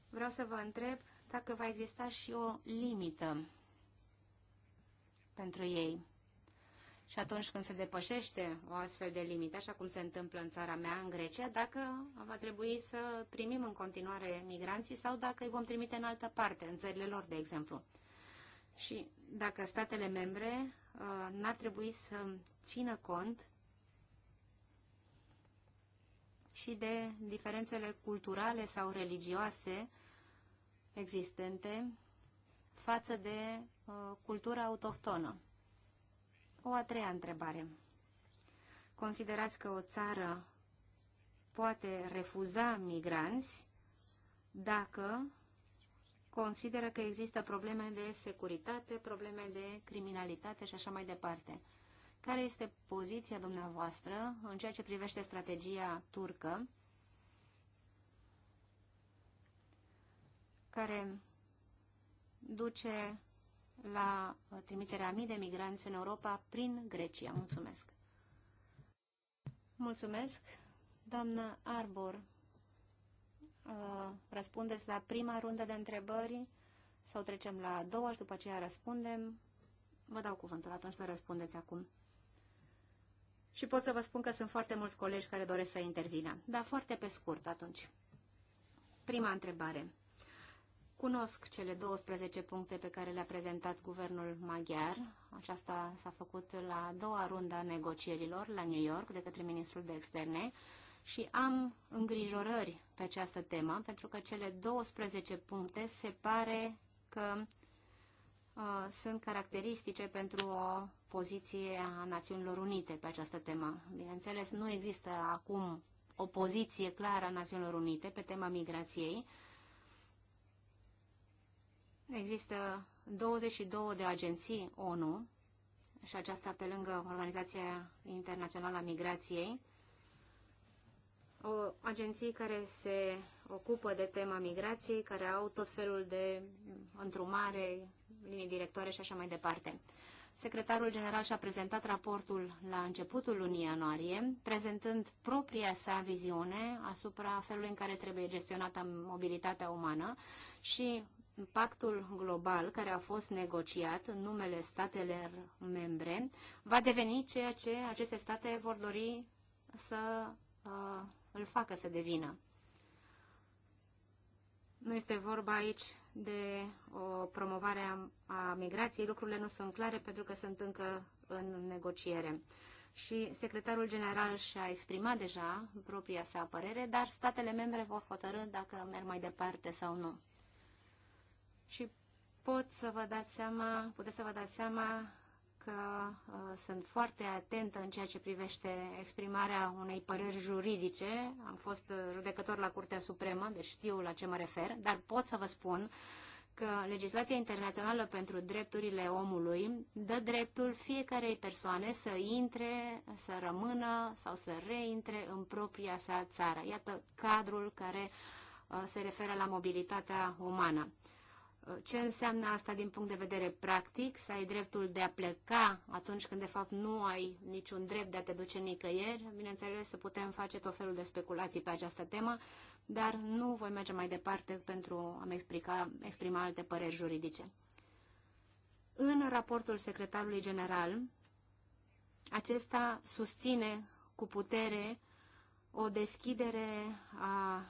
vreau să vă întreb dacă va exista și o limită pentru ei. Și atunci când se depășește o astfel de limită, așa cum se întâmplă în țara mea, în Grecia, dacă va trebui să primim în continuare migranții sau dacă îi vom trimite în altă parte, în țările lor, de exemplu. Și dacă statele membre uh, n-ar trebui să țină cont și de diferențele culturale sau religioase existente față de uh, cultura autohtonă. O a treia întrebare. Considerați că o țară poate refuza migranți dacă consideră că există probleme de securitate, probleme de criminalitate și așa mai departe. Care este poziția dumneavoastră în ceea ce privește strategia turcă care duce la uh, trimiterea mii de migranți în Europa prin Grecia. Mulțumesc! Mulțumesc, doamna Arbor. Uh, răspundeți la prima rundă de întrebări sau trecem la a doua și după aceea răspundem? Vă dau cuvântul atunci să răspundeți acum. Și pot să vă spun că sunt foarte mulți colegi care doresc să intervină. Dar foarte pe scurt atunci. Prima întrebare. Cunosc cele 12 puncte pe care le-a prezentat guvernul maghiar. Aceasta s-a făcut la a doua rundă a negocierilor la New York de către ministrul de externe și am îngrijorări pe această temă pentru că cele 12 puncte se pare că uh, sunt caracteristice pentru o poziție a Națiunilor Unite pe această temă. Bineînțeles, nu există acum o poziție clară a Națiunilor Unite pe tema migrației, Există 22 de agenții ONU și aceasta pe lângă Organizația Internațională a Migrației, o agenții care se ocupă de tema migrației, care au tot felul de întrumare, linii directoare și așa mai departe. Secretarul general și-a prezentat raportul la începutul lunii ianuarie, prezentând propria sa viziune asupra felului în care trebuie gestionată mobilitatea umană și pactul global care a fost negociat în numele statelor membre va deveni ceea ce aceste state vor dori să uh, îl facă să devină. Nu este vorba aici de o promovare a, a migrației. Lucrurile nu sunt clare pentru că sunt încă în negociere. Și secretarul general și-a exprimat deja propria sa părere, dar statele membre vor hotărâ dacă merg mai departe sau nu și pot să vă dați seama, puteți să vă dați seama că uh, sunt foarte atentă în ceea ce privește exprimarea unei păreri juridice. Am fost uh, judecător la Curtea Supremă, deci știu la ce mă refer, dar pot să vă spun că legislația internațională pentru drepturile omului dă dreptul fiecarei persoane să intre, să rămână sau să reintre în propria sa țară. Iată cadrul care uh, se referă la mobilitatea umană. Ce înseamnă asta din punct de vedere practic? Să ai dreptul de a pleca atunci când de fapt nu ai niciun drept de a te duce nicăieri? Bineînțeles, să putem face tot felul de speculații pe această temă, dar nu voi merge mai departe pentru a-mi explica, exprima alte păreri juridice. În raportul secretarului general, acesta susține cu putere o deschidere a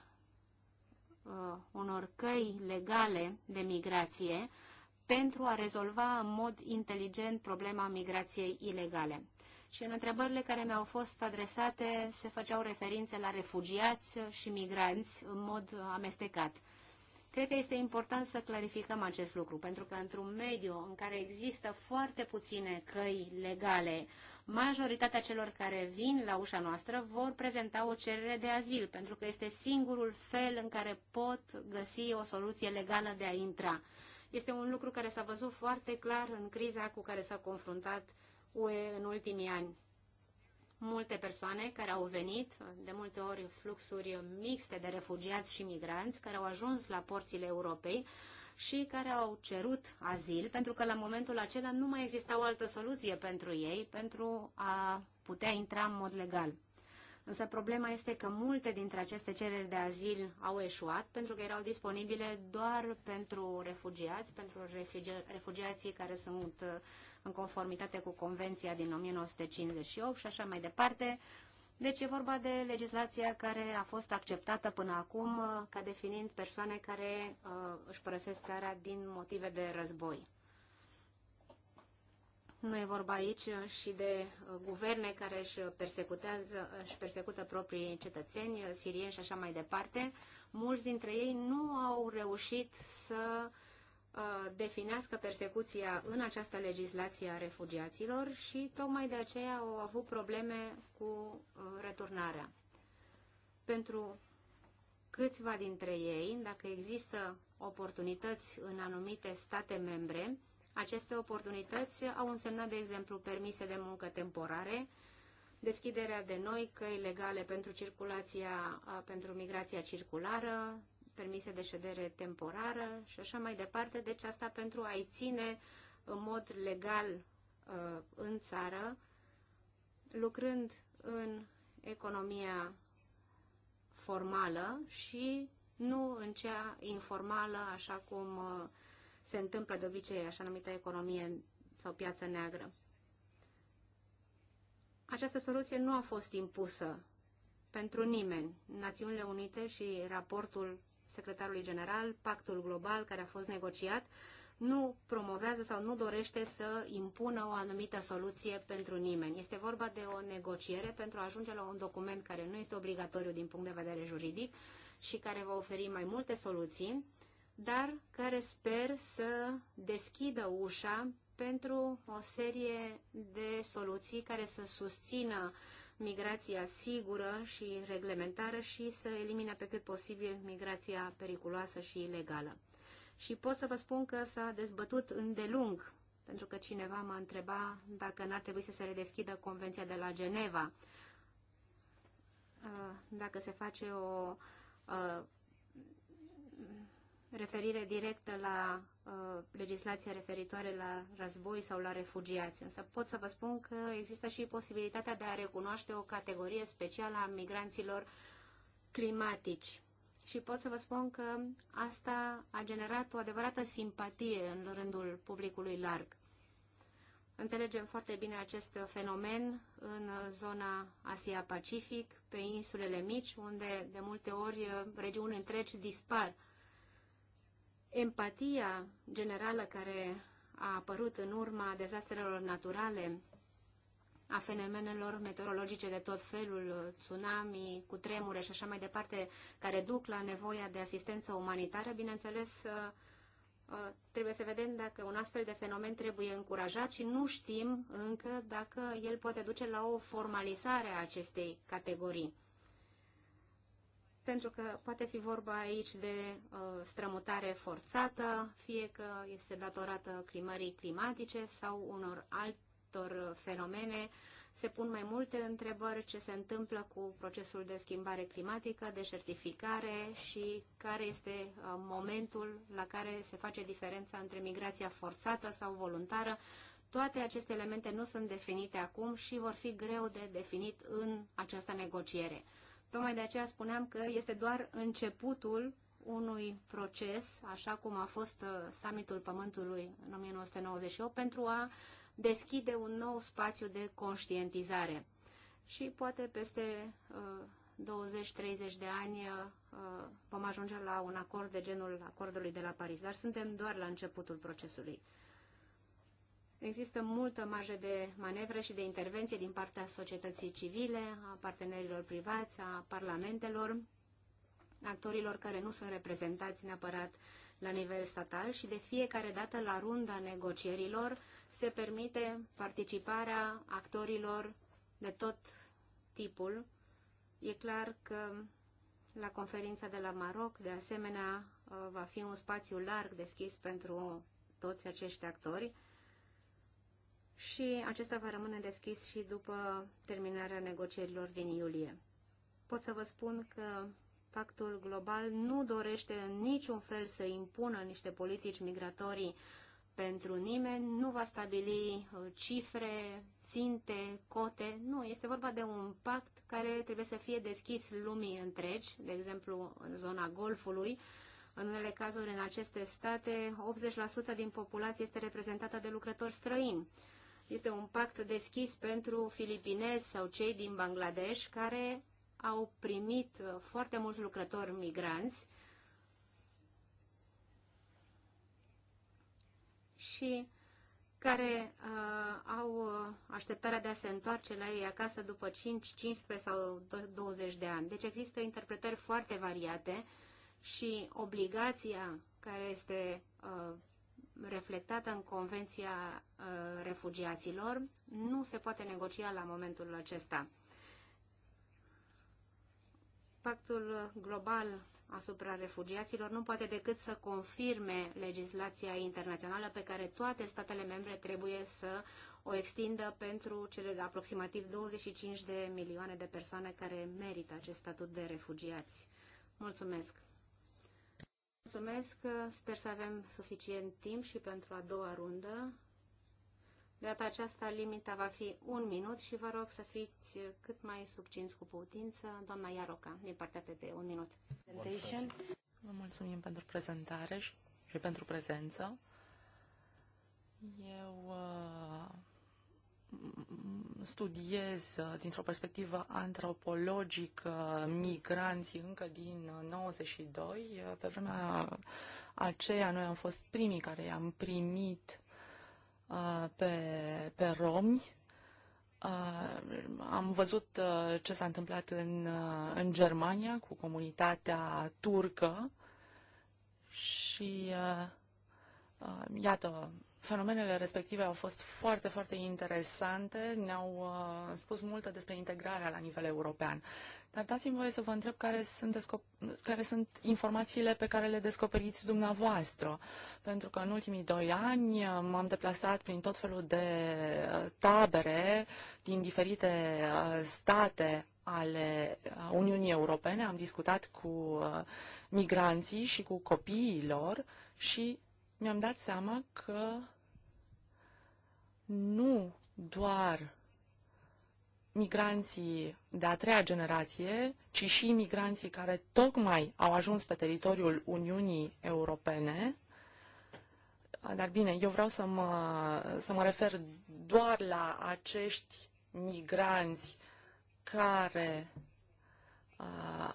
uh, unor căi legale de migrație pentru a rezolva în mod inteligent problema migrației ilegale. Și în întrebările care mi-au fost adresate se făceau referințe la refugiați și migranți în mod amestecat. Cred că este important să clarificăm acest lucru, pentru că într-un mediu în care există foarte puține căi legale, majoritatea celor care vin la ușa noastră vor prezenta o cerere de azil, pentru că este singurul fel în care pot găsi o soluție legală de a intra. Este un lucru care s-a văzut foarte clar în criza cu care s-a confruntat UE în ultimii ani. Multe persoane care au venit, de multe ori fluxuri mixte de refugiați și migranți, care au ajuns la porțile Europei, și care au cerut azil, pentru că la momentul acela nu mai exista o altă soluție pentru ei pentru a putea intra în mod legal. Însă problema este că multe dintre aceste cereri de azil au eșuat pentru că erau disponibile doar pentru refugiați, pentru refugiații care sunt uh, în conformitate cu Convenția din 1958 și așa mai departe, deci e vorba de legislația care a fost acceptată până acum uh, ca definind persoane care uh, își părăsesc țara din motive de război. Nu e vorba aici uh, și de uh, guverne care își, persecutează, își persecută proprii cetățeni, sirieni și așa mai departe. Mulți dintre ei nu au reușit să uh, definească persecuția în această legislație a refugiaților și tocmai de aceea au avut probleme cu returnarea. Pentru câțiva dintre ei, dacă există oportunități în anumite state membre, aceste oportunități au însemnat, de exemplu, permise de muncă temporare, deschiderea de noi căi legale pentru circulația, pentru migrația circulară, permise de ședere temporară și așa mai departe. Deci asta pentru a-i ține în mod legal uh, în țară, lucrând în economia formală și nu în cea informală, așa cum uh, se întâmplă de obicei, așa numită economie sau piață neagră. Această soluție nu a fost impusă pentru nimeni. Națiunile Unite și raportul secretarului general, pactul global care a fost negociat, nu promovează sau nu dorește să impună o anumită soluție pentru nimeni. Este vorba de o negociere pentru a ajunge la un document care nu este obligatoriu din punct de vedere juridic și care va oferi mai multe soluții, dar care sper să deschidă ușa pentru o serie de soluții care să susțină uh, migrația sigură și reglementară și să elimine pe cât posibil migrația periculoasă și ilegală. Și pot să vă spun că s-a dezbătut îndelung, pentru că cineva m-a întrebat dacă n-ar trebui să se redeschidă Convenția de la Geneva, uh, dacă se face o uh, referire directă la Uh, legislația referitoare la război sau la refugiați. Însă pot să vă spun că există și posibilitatea de a recunoaște o categorie specială a migranților climatici. Și pot să vă spun că asta a generat o adevărată simpatie în rândul publicului larg. Înțelegem foarte bine acest fenomen în zona Asia-Pacific, pe insulele mici, unde de multe ori regiuni întregi dispar empatia generală care a apărut în urma dezastrelor naturale, a fenomenelor meteorologice de tot felul, tsunami, cu tremure și așa mai departe, care duc la nevoia de asistență umanitară, bineînțeles, uh, uh, trebuie să vedem dacă un astfel de fenomen trebuie încurajat și nu știm încă dacă el poate duce la o formalizare a acestei categorii pentru că poate fi vorba aici de uh, strămutare forțată, fie că este datorată climării climatice sau unor altor fenomene. Se pun mai multe întrebări ce se întâmplă cu procesul de schimbare climatică, de certificare și care este uh, momentul la care se face diferența între migrația forțată sau voluntară. Toate aceste elemente nu sunt definite acum și vor fi greu de definit în această negociere. Tocmai de aceea spuneam că este doar începutul unui proces, așa cum a fost uh, summitul Pământului în 1998, pentru a deschide un nou spațiu de conștientizare. Și poate peste uh, 20-30 de ani uh, vom ajunge la un acord de genul acordului de la Paris, dar suntem doar la începutul procesului. Există multă marjă de manevră și de intervenție din partea societății civile, a partenerilor privați, a parlamentelor, actorilor care nu sunt reprezentați neapărat la nivel statal și de fiecare dată la runda negocierilor se permite participarea actorilor de tot tipul. E clar că la conferința de la Maroc, de asemenea, va fi un spațiu larg deschis pentru toți acești actori și acesta va rămâne deschis și după terminarea negocierilor din iulie. Pot să vă spun că pactul global nu dorește în niciun fel să impună niște politici migratorii pentru nimeni, nu va stabili uh, cifre, ținte, cote, nu, este vorba de un pact care trebuie să fie deschis lumii întregi, de exemplu în zona Golfului, în unele cazuri, în aceste state, 80% din populație este reprezentată de lucrători străini. Este un pact deschis pentru filipinezi sau cei din Bangladesh care au primit uh, foarte mulți lucrători migranți și care uh, au uh, așteptarea de a se întoarce la ei acasă după 5, 15 sau 20 de ani. Deci există interpretări foarte variate și obligația care este uh, reflectată în Convenția uh, Refugiaților nu se poate negocia la momentul acesta. Pactul global asupra refugiaților nu poate decât să confirme legislația internațională pe care toate statele membre trebuie să o extindă pentru cele de aproximativ 25 de milioane de persoane care merită acest statut de refugiați. Mulțumesc! Mulțumesc, sper să avem suficient timp și pentru a doua rundă. De data aceasta limita va fi un minut și vă rog să fiți cât mai subcinți cu putință. Doamna Iaroca, din partea PP, un minut. Vă mulțumim pentru prezentare și, și pentru prezență. Eu uh, studiez uh, dintr-o perspectivă antropologică migranții încă din 92. Uh, uh, pe vremea aceea noi am fost primii care i-am primit pe, pe romi. Am văzut ce s-a întâmplat în, în Germania cu comunitatea turcă și iată, Fenomenele respective au fost foarte, foarte interesante, ne-au uh, spus multe despre integrarea la nivel european. Dar dați-mi voie să vă întreb care sunt, care sunt informațiile pe care le descoperiți dumneavoastră. Pentru că în ultimii doi ani uh, m-am deplasat prin tot felul de uh, tabere din diferite uh, state ale Uniunii Europene, am discutat cu migranții și cu copiilor și mi-am dat seama că nu doar migranții de a treia generație, ci și migranții care tocmai au ajuns pe teritoriul Uniunii Europene. Dar bine, eu vreau să mă, să mă refer doar la acești migranți care uh,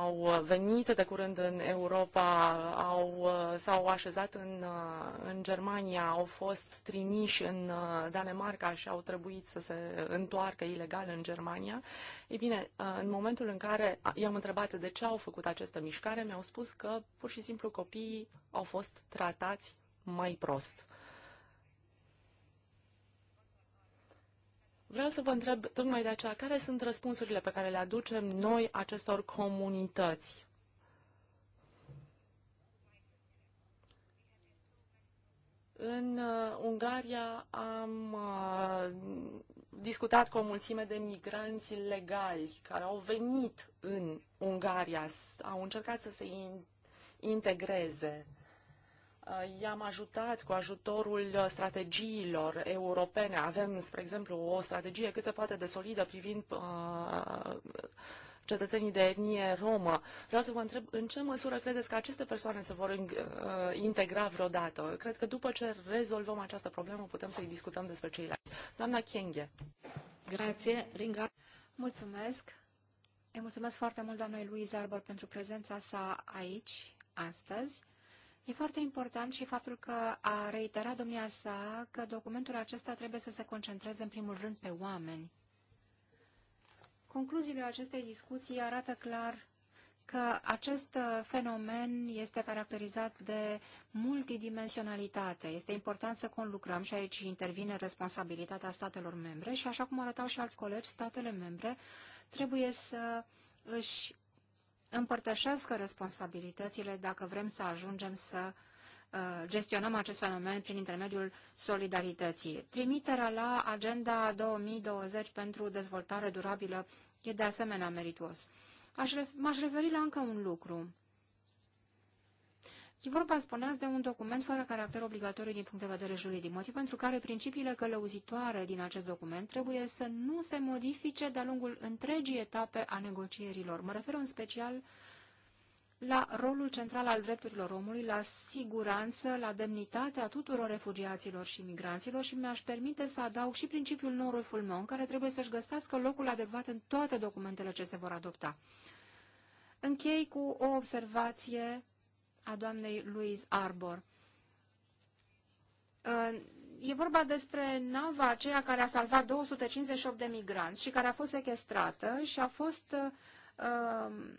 au venit de curând în Europa, au uh, s-au așezat în, uh, în Germania, au fost trimiși în uh, Danemarca și au trebuit să se întoarcă ilegal în Germania. Ei bine, uh, în momentul în care i-am întrebat de ce au făcut această mișcare, mi-au spus că pur și simplu copiii au fost tratați mai prost. Vreau să vă întreb tocmai de aceea, care sunt răspunsurile pe care le aducem noi acestor comunități? În uh, Ungaria am uh, discutat cu o mulțime de migranți legali care au venit în Ungaria, au încercat să se integreze. Uh, i-am ajutat cu ajutorul strategiilor europene. Avem, spre exemplu, o strategie cât se poate de solidă privind uh, cetățenii de etnie romă. Vreau să vă întreb în ce măsură credeți că aceste persoane se vor uh, integra vreodată? Cred că după ce rezolvăm această problemă putem să-i discutăm despre ceilalți. Doamna Chenghe. Grație, Ringa. Mulțumesc. Îi mulțumesc foarte mult doamnei lui Zarbor pentru prezența sa aici, astăzi. E foarte important și faptul că a reiterat domnia sa că documentul acesta trebuie să se concentreze în primul rând pe oameni. Concluziile acestei discuții arată clar că acest uh, fenomen este caracterizat de multidimensionalitate. Este important să conlucrăm și aici intervine responsabilitatea statelor membre și, așa cum arătau și alți colegi, statele membre trebuie să își împărtășească responsabilitățile dacă vrem să ajungem să uh, Uh, gestionăm acest fenomen prin intermediul solidarității. Trimiterea la Agenda 2020 pentru dezvoltare durabilă e de asemenea merituos. M-aș referi la încă un lucru. E vorba, spuneați, de un document fără caracter obligatoriu din punct de vedere juridic, motiv pentru care principiile călăuzitoare din acest document trebuie să nu se modifice de-a lungul întregii etape a negocierilor. Mă refer în special la rolul central al drepturilor omului, la siguranță, la demnitatea tuturor refugiaților și migranților și mi-aș permite să adaug și principiul non fulmon, care trebuie să-și găsească locul adecvat în toate documentele ce se vor adopta. Închei cu o observație a doamnei Louise Arbor. E vorba despre nava aceea care a salvat 258 de migranți și care a fost sequestrată și a fost uh, uh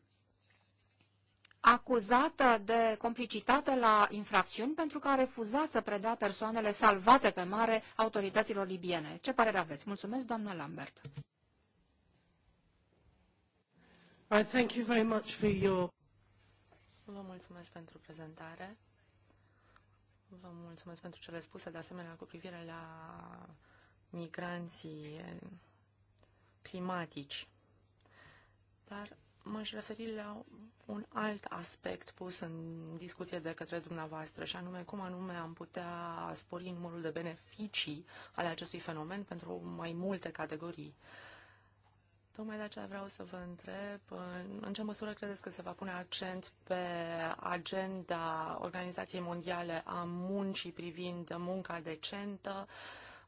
acuzată de complicitate la infracțiuni pentru că a refuzat să predea persoanele salvate pe mare autorităților libiene. Ce părere aveți? Mulțumesc, doamna Lambert. I thank you very much for your... Vă mulțumesc pentru prezentare. Vă mulțumesc pentru cele spuse, de asemenea, cu privire la migranții climatici. Dar m-aș referi la un alt aspect pus în discuție de către dumneavoastră, și anume cum anume am putea spori numărul de beneficii ale acestui fenomen pentru mai multe categorii. Tocmai de aceea vreau să vă întreb în ce măsură credeți că se va pune accent pe agenda Organizației Mondiale a Muncii privind munca decentă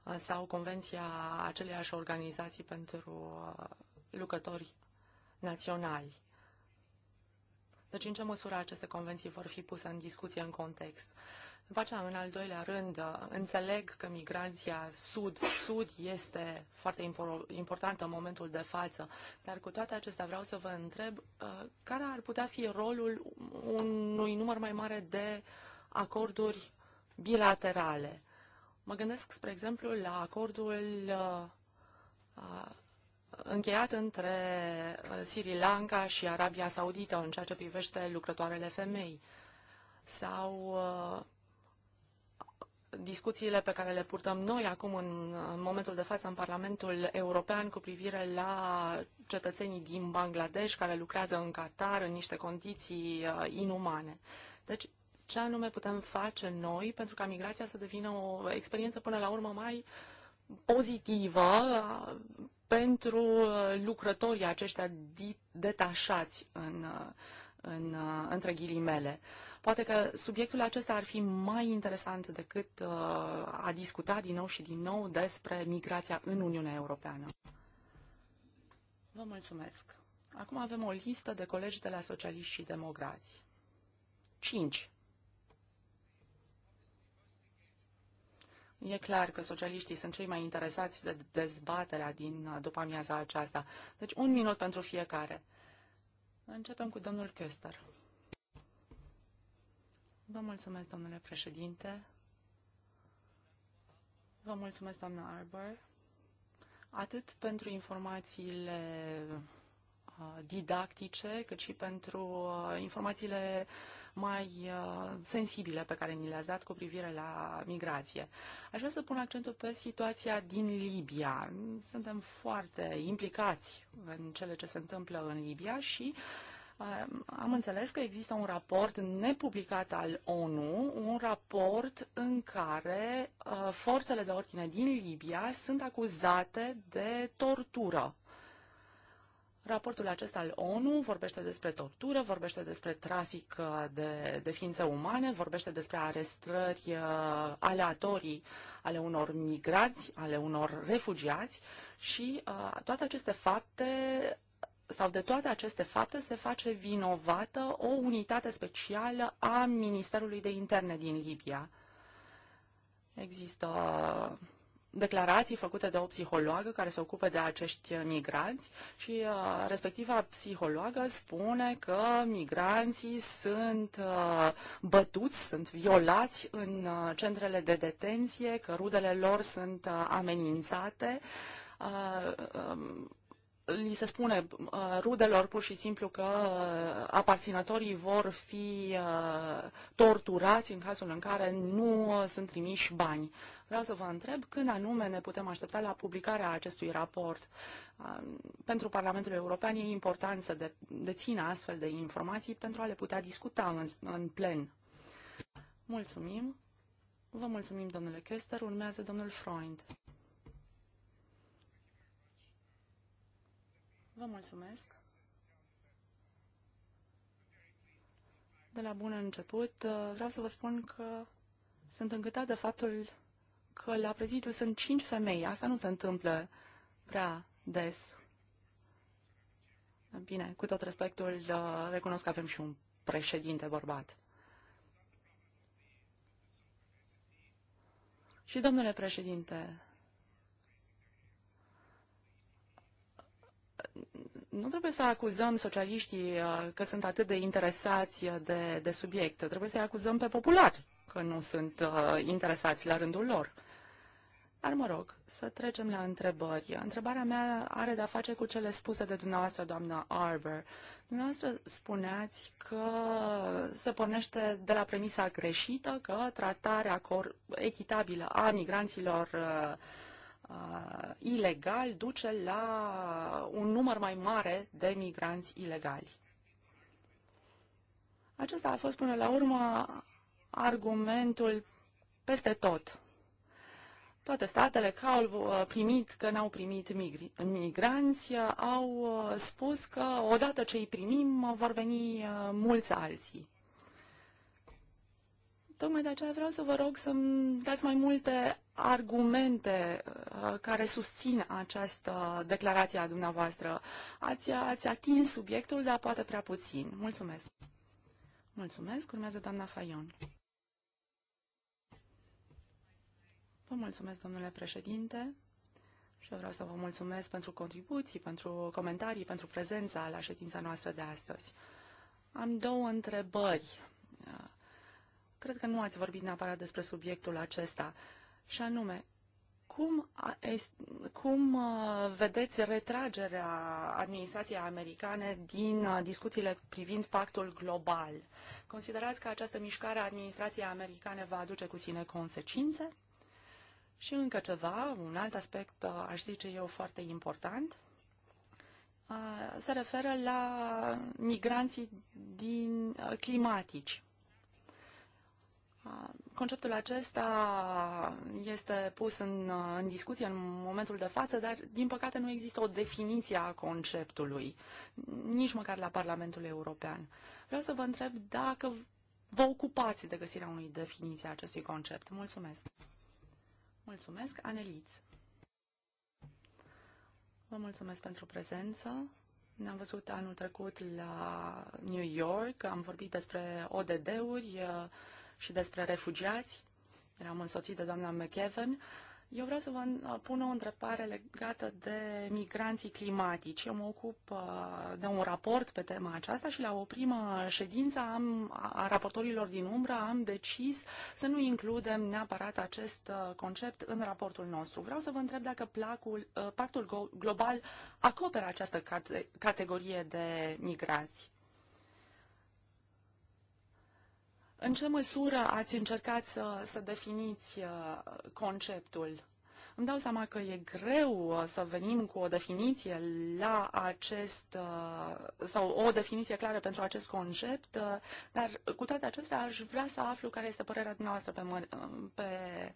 uh, sau convenția aceleiași organizații pentru uh, lucrători naționali. Deci în ce măsură aceste convenții vor fi puse în discuție în context? După aceea, în al doilea rând, înțeleg că migrația sud-sud este foarte importantă în momentul de față, dar cu toate acestea vreau să vă întreb uh, care ar putea fi rolul unui număr mai mare de acorduri bilaterale. Mă gândesc, spre exemplu, la acordul uh, uh, încheiat între uh, Sri Lanka și Arabia Saudită în ceea ce privește lucrătoarele femei sau uh, discuțiile pe care le purtăm noi acum în, în momentul de față în Parlamentul European cu privire la cetățenii din Bangladesh care lucrează în Qatar în niște condiții uh, inumane. Deci, ce anume putem face noi pentru ca migrația să devină o experiență până la urmă mai pozitivă pentru uh, lucrătorii aceștia detașați în, uh, în, uh, între ghilimele. Poate că subiectul acesta ar fi mai interesant decât a discuta din nou și din nou despre migrația în Uniunea Europeană. Vă mulțumesc. Acum avem o listă de colegi de la socialiști și democrați. Cinci E clar că socialiștii sunt cei mai interesați de dezbaterea din uh, după amiaza aceasta. Deci un minut pentru fiecare. Începem cu domnul Köster. Vă mulțumesc, domnule președinte. Vă mulțumesc, doamna Arbor, atât pentru informațiile uh, didactice, cât și pentru uh, informațiile uh, mai uh, sensibile pe care ni le-ați dat cu privire la migrație. Aș vrea să pun accentul pe situația din Libia. Suntem foarte implicați în cele ce se întâmplă în Libia și uh, am înțeles că există un raport nepublicat al ONU, un raport în care uh, forțele de ordine din Libia sunt acuzate de tortură. Raportul acesta al ONU vorbește despre tortură, vorbește despre trafic uh, de, de ființe umane, vorbește despre arestări uh, aleatorii ale unor migrați, ale unor refugiați și uh, toate aceste fapte sau de toate aceste fapte se face vinovată o unitate specială a Ministerului de Interne din Libia. Există declarații făcute de o psihologă care se ocupă de acești migranți și uh, respectiva psihologă spune că migranții sunt uh, bătuți, sunt violați în uh, centrele de detenție, că rudele lor sunt uh, amenințate. Uh, um, li se spune uh, rudelor pur și simplu că uh, aparținătorii vor fi uh, torturați în cazul în care nu sunt trimiși bani. Vreau să vă întreb când anume ne putem aștepta la publicarea acestui raport. Pentru Parlamentul European e important să de, dețină astfel de informații pentru a le putea discuta în, în plen. Mulțumim. Vă mulțumim, domnule Chester. Urmează domnul Freund. Vă mulțumesc. De la bun început, uh, vreau să vă spun că sunt încântat de faptul că la prezidiu sunt cinci femei. Asta nu se întâmplă prea des. Bine, cu tot respectul, uh, recunosc că avem și un președinte bărbat. Și domnule președinte, Nu trebuie să acuzăm socialiștii uh, că sunt atât de interesați uh, de, de subiect. Trebuie să-i acuzăm pe populari că nu sunt uh, interesați la rândul lor. Dar mă rog, să trecem la întrebări. Întrebarea mea are de-a face cu cele spuse de dumneavoastră, doamna Arber. Dumneavoastră spuneați că se pornește de la premisa greșită că tratarea echitabilă a migranților uh, uh, ilegal duce la un număr mai mare de migranți ilegali. Acesta a fost până la urmă argumentul peste tot. Toate statele că au uh, primit, că n-au primit migri- migranți, uh, au uh, spus că odată ce îi primim vor veni mulți alții. Tocmai de aceea vreau să vă rog să-mi dați mai multe argumente uh, care susțin această declarație a dumneavoastră. Ați, ați atins subiectul, dar poate prea puțin. Mulțumesc. Mulțumesc. Urmează doamna Faion. Vă mulțumesc, domnule președinte. Și eu vreau să vă mulțumesc pentru contribuții, pentru comentarii, pentru prezența la ședința noastră de astăzi. Am două întrebări. Cred că nu ați vorbit neapărat despre subiectul acesta și anume, cum, cum uh, vedeți retragerea administrației americane din uh, discuțiile privind pactul global? Considerați că această mișcare a administrației americane va aduce cu sine consecințe? Și încă ceva, un alt aspect, uh, aș zice eu, foarte important, se referă la migranții din climatici. Conceptul acesta este pus în, în discuție în momentul de față, dar din păcate nu există o definiție a conceptului, nici măcar la Parlamentul European. Vreau să vă întreb dacă vă ocupați de găsirea unei definiții a acestui concept. Mulțumesc! Mulțumesc, Aneliț! Vă mulțumesc pentru prezență. Ne-am văzut anul trecut la New York, am vorbit despre ODD-uri, și despre refugiați. Eram însoțit de doamna McEwen. Eu vreau să vă pun o întrebare legată de migranții climatici. Eu mă ocup uh, de un raport pe tema aceasta și la o primă ședință am, a raportorilor din umbră am decis să nu includem neapărat acest uh, concept în raportul nostru. Vreau să vă întreb dacă placul, uh, pactul global acoperă această cate, categorie de migrați. În ce măsură ați încercat să, să definiți uh, conceptul? Îmi dau seama că e greu uh, să venim cu o definiție la acest, uh, sau o definiție clară pentru acest concept, dar cu toate acestea aș vrea să aflu care este părerea dumneavoastră pe, pe,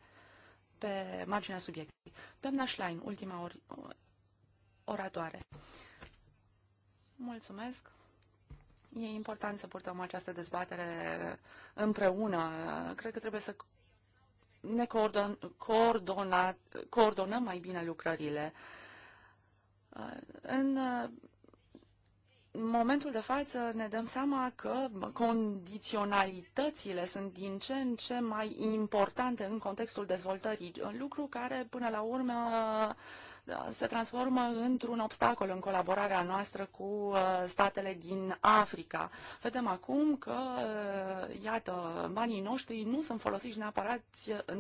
pe marginea subiectului. Doamna Schlein, ultima or, oratoare. Mulțumesc. E important să purtăm această dezbatere împreună. Cred că trebuie să ne coordon, coordona, coordonăm mai bine lucrările. În momentul de față ne dăm seama că condiționalitățile sunt din ce în ce mai importante în contextul dezvoltării, un lucru care până la urmă se transformă într-un obstacol în colaborarea noastră cu uh, statele din Africa. Vedem acum că, uh, iată, banii noștri nu sunt folosiți neapărat,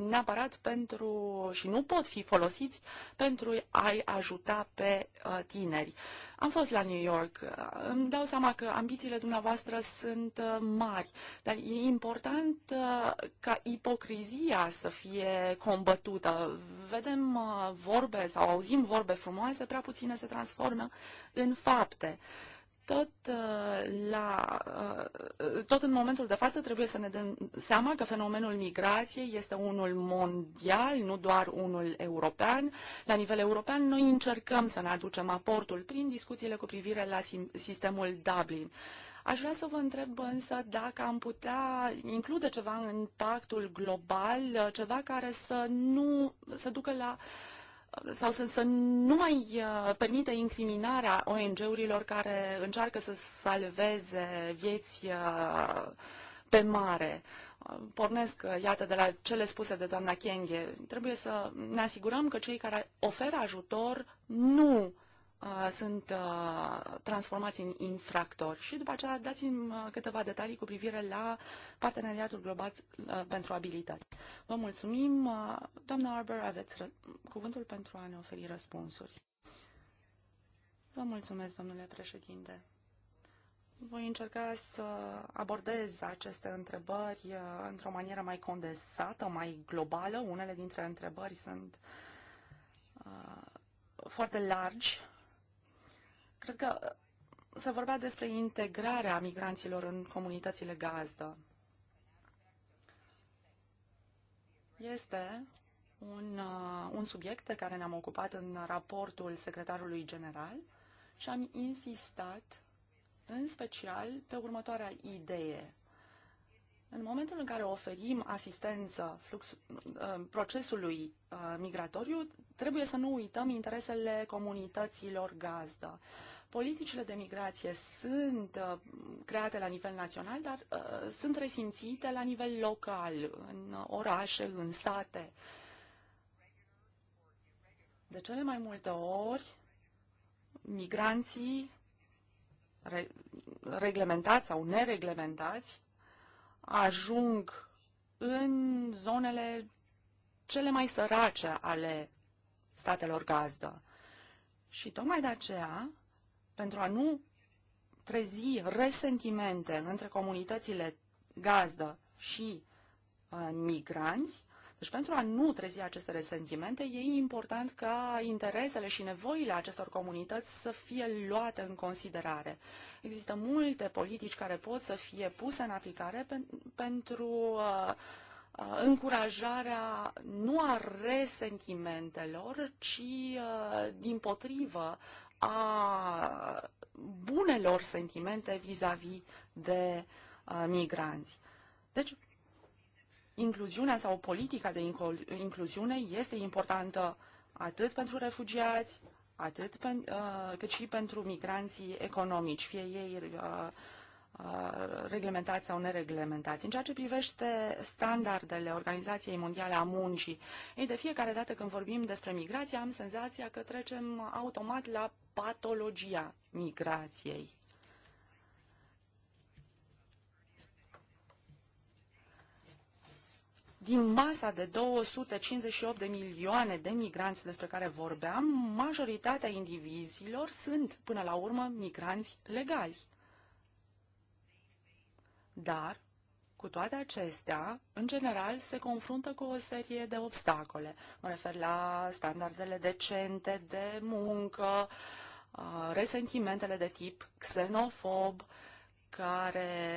neapărat pentru și nu pot fi folosiți pentru a-i ajuta pe uh, tineri. Am fost la New York. Uh, îmi dau seama că ambițiile dumneavoastră sunt uh, mari, dar e important uh, ca ipocrizia să fie combătută. Vedem vorbe sau auzim vorbe frumoase, prea puține se transformă în fapte tot, uh, la, uh, tot în momentul de față trebuie să ne dăm seama că fenomenul migrației este unul mondial, nu doar unul european. La nivel european, noi încercăm să ne aducem aportul prin discuțiile cu privire la sistemul Dublin. Aș vrea să vă întreb însă dacă am putea include ceva în pactul global, uh, ceva care să nu să ducă la uh, sau să, să nu mai uh, permite incriminarea ONG-urilor care încearcă să salveze vieți uh, pe mare. Uh, pornesc, iată, de la cele spuse de doamna Kenge. Trebuie să ne asigurăm că cei care oferă ajutor nu sunt transformați în infractori. Și după aceea dați-mi câteva detalii cu privire la parteneriatul global pentru abilitate. Vă mulțumim. Doamna Arbor, aveți cuvântul pentru a ne oferi răspunsuri. Vă mulțumesc, domnule președinte. Voi încerca să abordez aceste întrebări într-o manieră mai condensată, mai globală. Unele dintre întrebări sunt uh, foarte largi, Cred că se vorbea despre integrarea migranților în comunitățile gazdă. Este un, uh, un subiect de care ne-am ocupat în raportul secretarului general și am insistat în special pe următoarea idee. În momentul în care oferim asistență flux, uh, procesului uh, migratoriu, trebuie să nu uităm interesele comunităților gazdă. Politicile de migrație sunt uh, create la nivel național, dar sunt resimțite la nivel local, în orașe, în sate. De cele mai multe ori, migranții reglementați sau nereglementați ajung în zonele cele mai sărace ale statelor gazdă. Și tocmai de aceea, pentru a nu trezi resentimente între comunitățile gazdă și uh, migranți, deci pentru a nu trezi aceste resentimente, e important ca interesele și nevoile acestor comunități să fie luate în considerare. Există multe politici care pot să fie puse în aplicare pen, pentru uh, uh, încurajarea nu a resentimentelor, ci uh, din potrivă a bunelor sentimente vis-a-vis -vis de uh, migranți. Deci, incluziunea sau politica de incluziune este importantă atât pentru refugiați, atât pen, uh, cât și pentru migranții economici, fie ei uh, uh, reglementați sau nereglementați. În ceea ce privește standardele Organizației Mondiale a Muncii, ei, de fiecare dată când vorbim despre migrație, am senzația că trecem automat la patologia migrației. din masa de 258 de milioane de migranți despre care vorbeam, majoritatea indivizilor sunt, până la urmă, migranți legali. Dar, cu toate acestea, în general, se confruntă cu o serie de obstacole. Mă refer la standardele decente de muncă, resentimentele de tip xenofob, care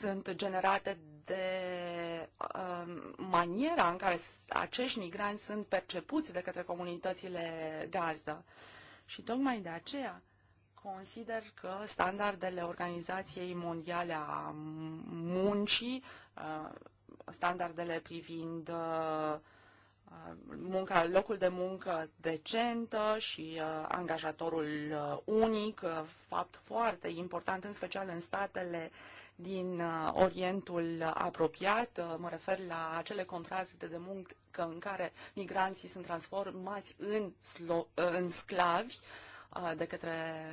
sunt generate de uh, maniera în care acești migranți sunt percepuți de către comunitățile gazdă. Și tocmai de aceea consider că standardele Organizației Mondiale a Muncii, uh, standardele privind uh, munca, locul de muncă decentă și uh, angajatorul uh, unic, uh, fapt foarte important, în special în statele uh, din uh, Orientul apropiat, uh, mă refer la acele contracte de muncă în care migranții sunt transformați în, uh, în sclavi, de către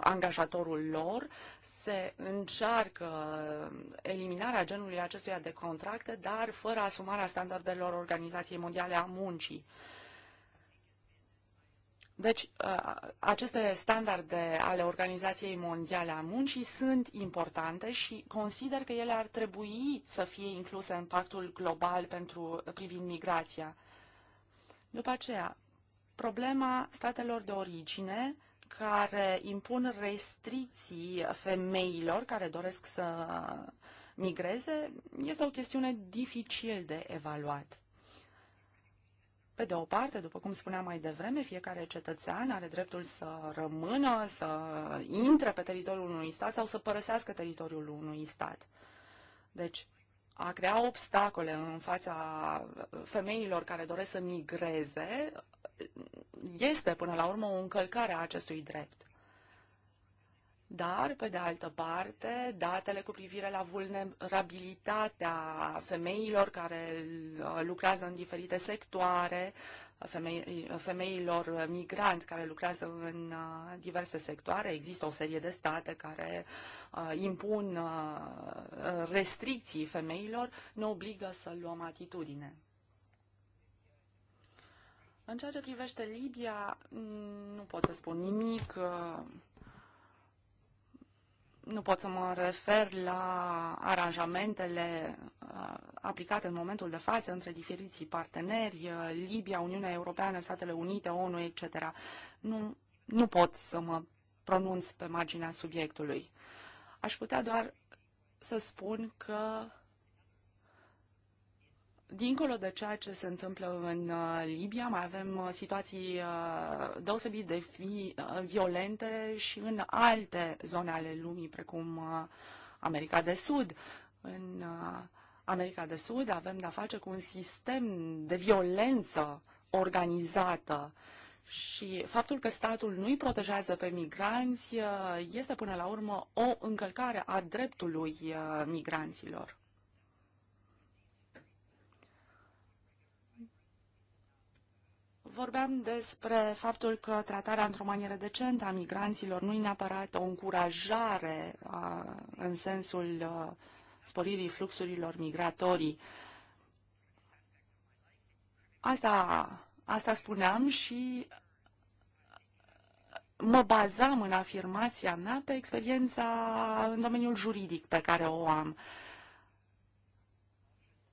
angajatorul lor, se încearcă eliminarea genului acestuia de contracte, dar fără asumarea standardelor Organizației Mondiale a Muncii. Deci, aceste standarde ale Organizației Mondiale a Muncii sunt importante și consider că ele ar trebui să fie incluse în pactul global pentru, privind migrația. După aceea, problema statelor de origine care impun restricții femeilor care doresc să migreze este o chestiune dificil de evaluat. Pe de o parte, după cum spuneam mai devreme, fiecare cetățean are dreptul să rămână, să intre pe teritoriul unui stat sau să părăsească teritoriul unui stat. Deci, a crea obstacole în fața femeilor care doresc să migreze este, până la urmă, o încălcare a acestui drept. Dar, pe de altă parte, datele cu privire la vulnerabilitatea femeilor care uh, lucrează în diferite sectoare, uh, femei, uh, femeilor migranți care lucrează în diverse sectoare. Există o serie de state care impun restricții femeilor, ne obligă să luăm atitudine. În ceea ce privește Libia, nu pot să spun nimic nu pot să mă refer la aranjamentele uh, aplicate în momentul de față între diferiții parteneri, uh, Libia, Uniunea Europeană, Statele Unite, ONU, etc. Nu, nu pot să mă pronunț pe marginea subiectului. Aș putea doar să spun că dincolo de ceea ce se întâmplă în uh, Libia, mai avem uh, situații uh, deosebit de fi, violente și în alte zone ale lumii, precum America de Sud. În America de Sud avem de-a face cu un sistem de violență organizată și faptul că statul nu-i protejează pe migranți este până la urmă o încălcare a dreptului migranților. Vorbeam despre faptul că tratarea într-o manieră decentă a migranților nu e neapărat o încurajare a, în sensul a, sporirii fluxurilor migratorii. Asta, asta spuneam și mă bazam în afirmația mea pe experiența în domeniul juridic pe care o am.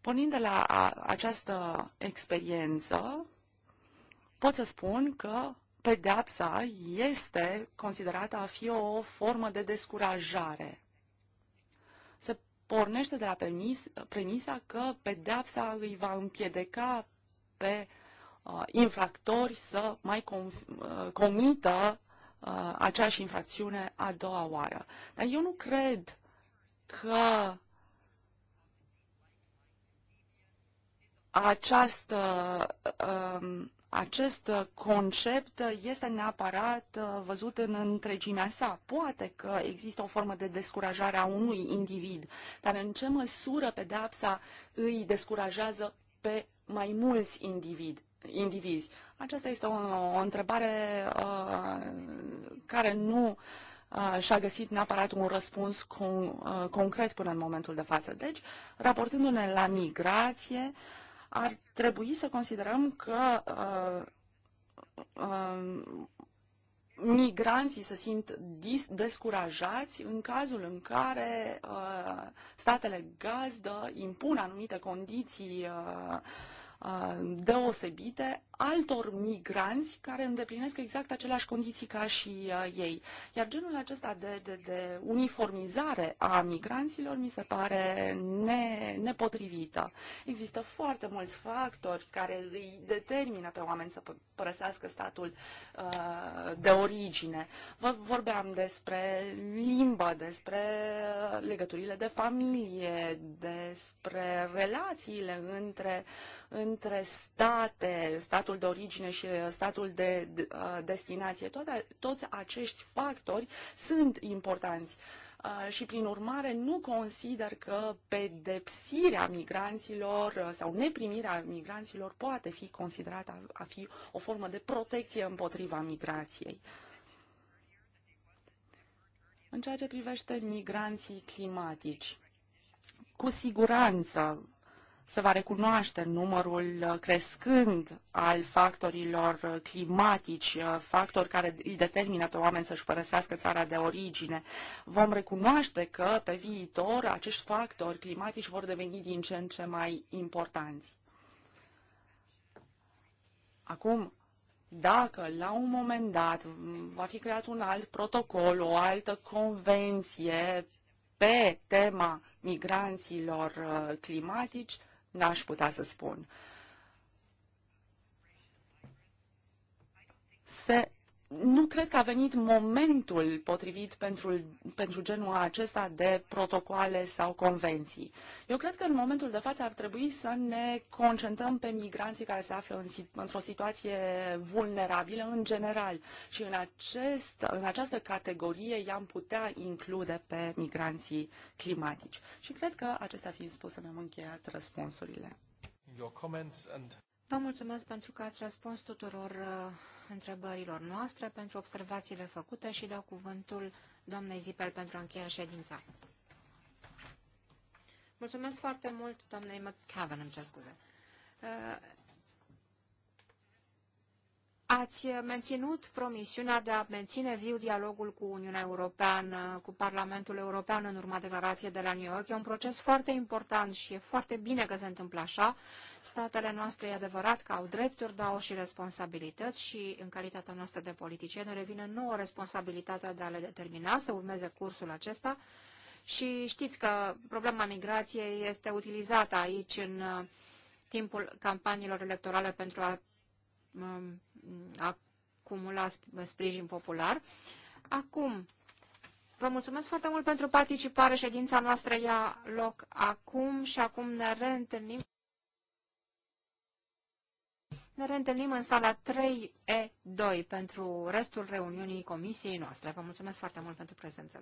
Pornind de la a, această experiență, pot să spun că pedepsa este considerată a fi o formă de descurajare. Se pornește de la premis, premisa că pedepsa îi va împiedica pe uh, infractori să mai com- uh, comită uh, aceeași infracțiune a doua oară. Dar eu nu cred că această uh, acest uh, concept uh, este neapărat uh, văzut în întregimea sa. Poate că există o formă de descurajare a unui individ, dar în ce măsură pedapsa îi descurajează pe mai mulți individ, indivizi? Aceasta este o, o întrebare uh, care nu și-a găsit neapărat un răspuns con, concret până în momentul de față. Deci, raportându-ne la migrație, uh, ar trebui să considerăm că uh, uh, migranții se simt descurajați în cazul în care uh, statele gazdă impun anumite condiții uh, Uh, deosebite altor migranți care îndeplinesc exact aceleași condiții ca și uh, ei. Iar genul acesta de, de, de uniformizare a migranților mi se pare ne, nepotrivită. Există foarte mulți factori care îi determină pe oameni să părăsească statul uh, de origine. Vă vorbeam despre limbă, despre legăturile de familie, despre relațiile între, între între state, statul de origine și uh, statul de uh, destinație. Toate, toți acești factori sunt importanți uh, și prin urmare nu consider că pedepsirea migranților sau neprimirea migranților poate fi considerată a fi o formă de protecție împotriva migrației. În ceea ce privește migranții climatici, cu siguranță se va recunoaște numărul crescând al factorilor climatici, factori care îi determină pe oameni să-și părăsească țara de origine. Vom recunoaște că pe viitor acești factori climatici vor deveni din ce în ce mai importanți. Acum, dacă la un moment dat va fi creat un alt protocol, o altă convenție pe tema migranților uh, climatici, n-aș putea să spun. Se nu cred că a venit momentul potrivit pentru, pentru genul acesta de protocoale sau convenții. Eu cred că în momentul de față ar trebui să ne concentrăm pe migranții care se află în, într-o situație vulnerabilă în general și în, acest, în această categorie i-am putea include pe migranții climatici. Și cred că acestea fiind spuse, mi-am încheiat răspunsurile. Vă mulțumesc pentru că ați răspuns tuturor uh întrebărilor noastre, pentru observațiile făcute și dau cuvântul doamnei Zipel pentru a încheia ședința. Mulțumesc foarte mult, doamnei McCavan, îmi cer scuze. Uh, Ați menținut promisiunea de a menține viu dialogul cu Uniunea Europeană, cu Parlamentul European în urma declarației de la New York. E un proces foarte important și e foarte bine că se întâmplă așa. Statele noastre e adevărat că au drepturi, dar au și responsabilități și în calitatea noastră de politicieni revine nouă responsabilitatea de a le determina să urmeze cursul acesta. Și știți că problema migrației este utilizată aici în uh, timpul campaniilor electorale pentru a Um, acumula sprijin popular. Acum, vă mulțumesc foarte mult pentru participare. Ședința noastră ia loc acum și acum ne reîntâlnim. Ne reîntâlnim în sala 3E2 pentru restul reuniunii comisiei noastre. Vă mulțumesc foarte mult pentru prezență.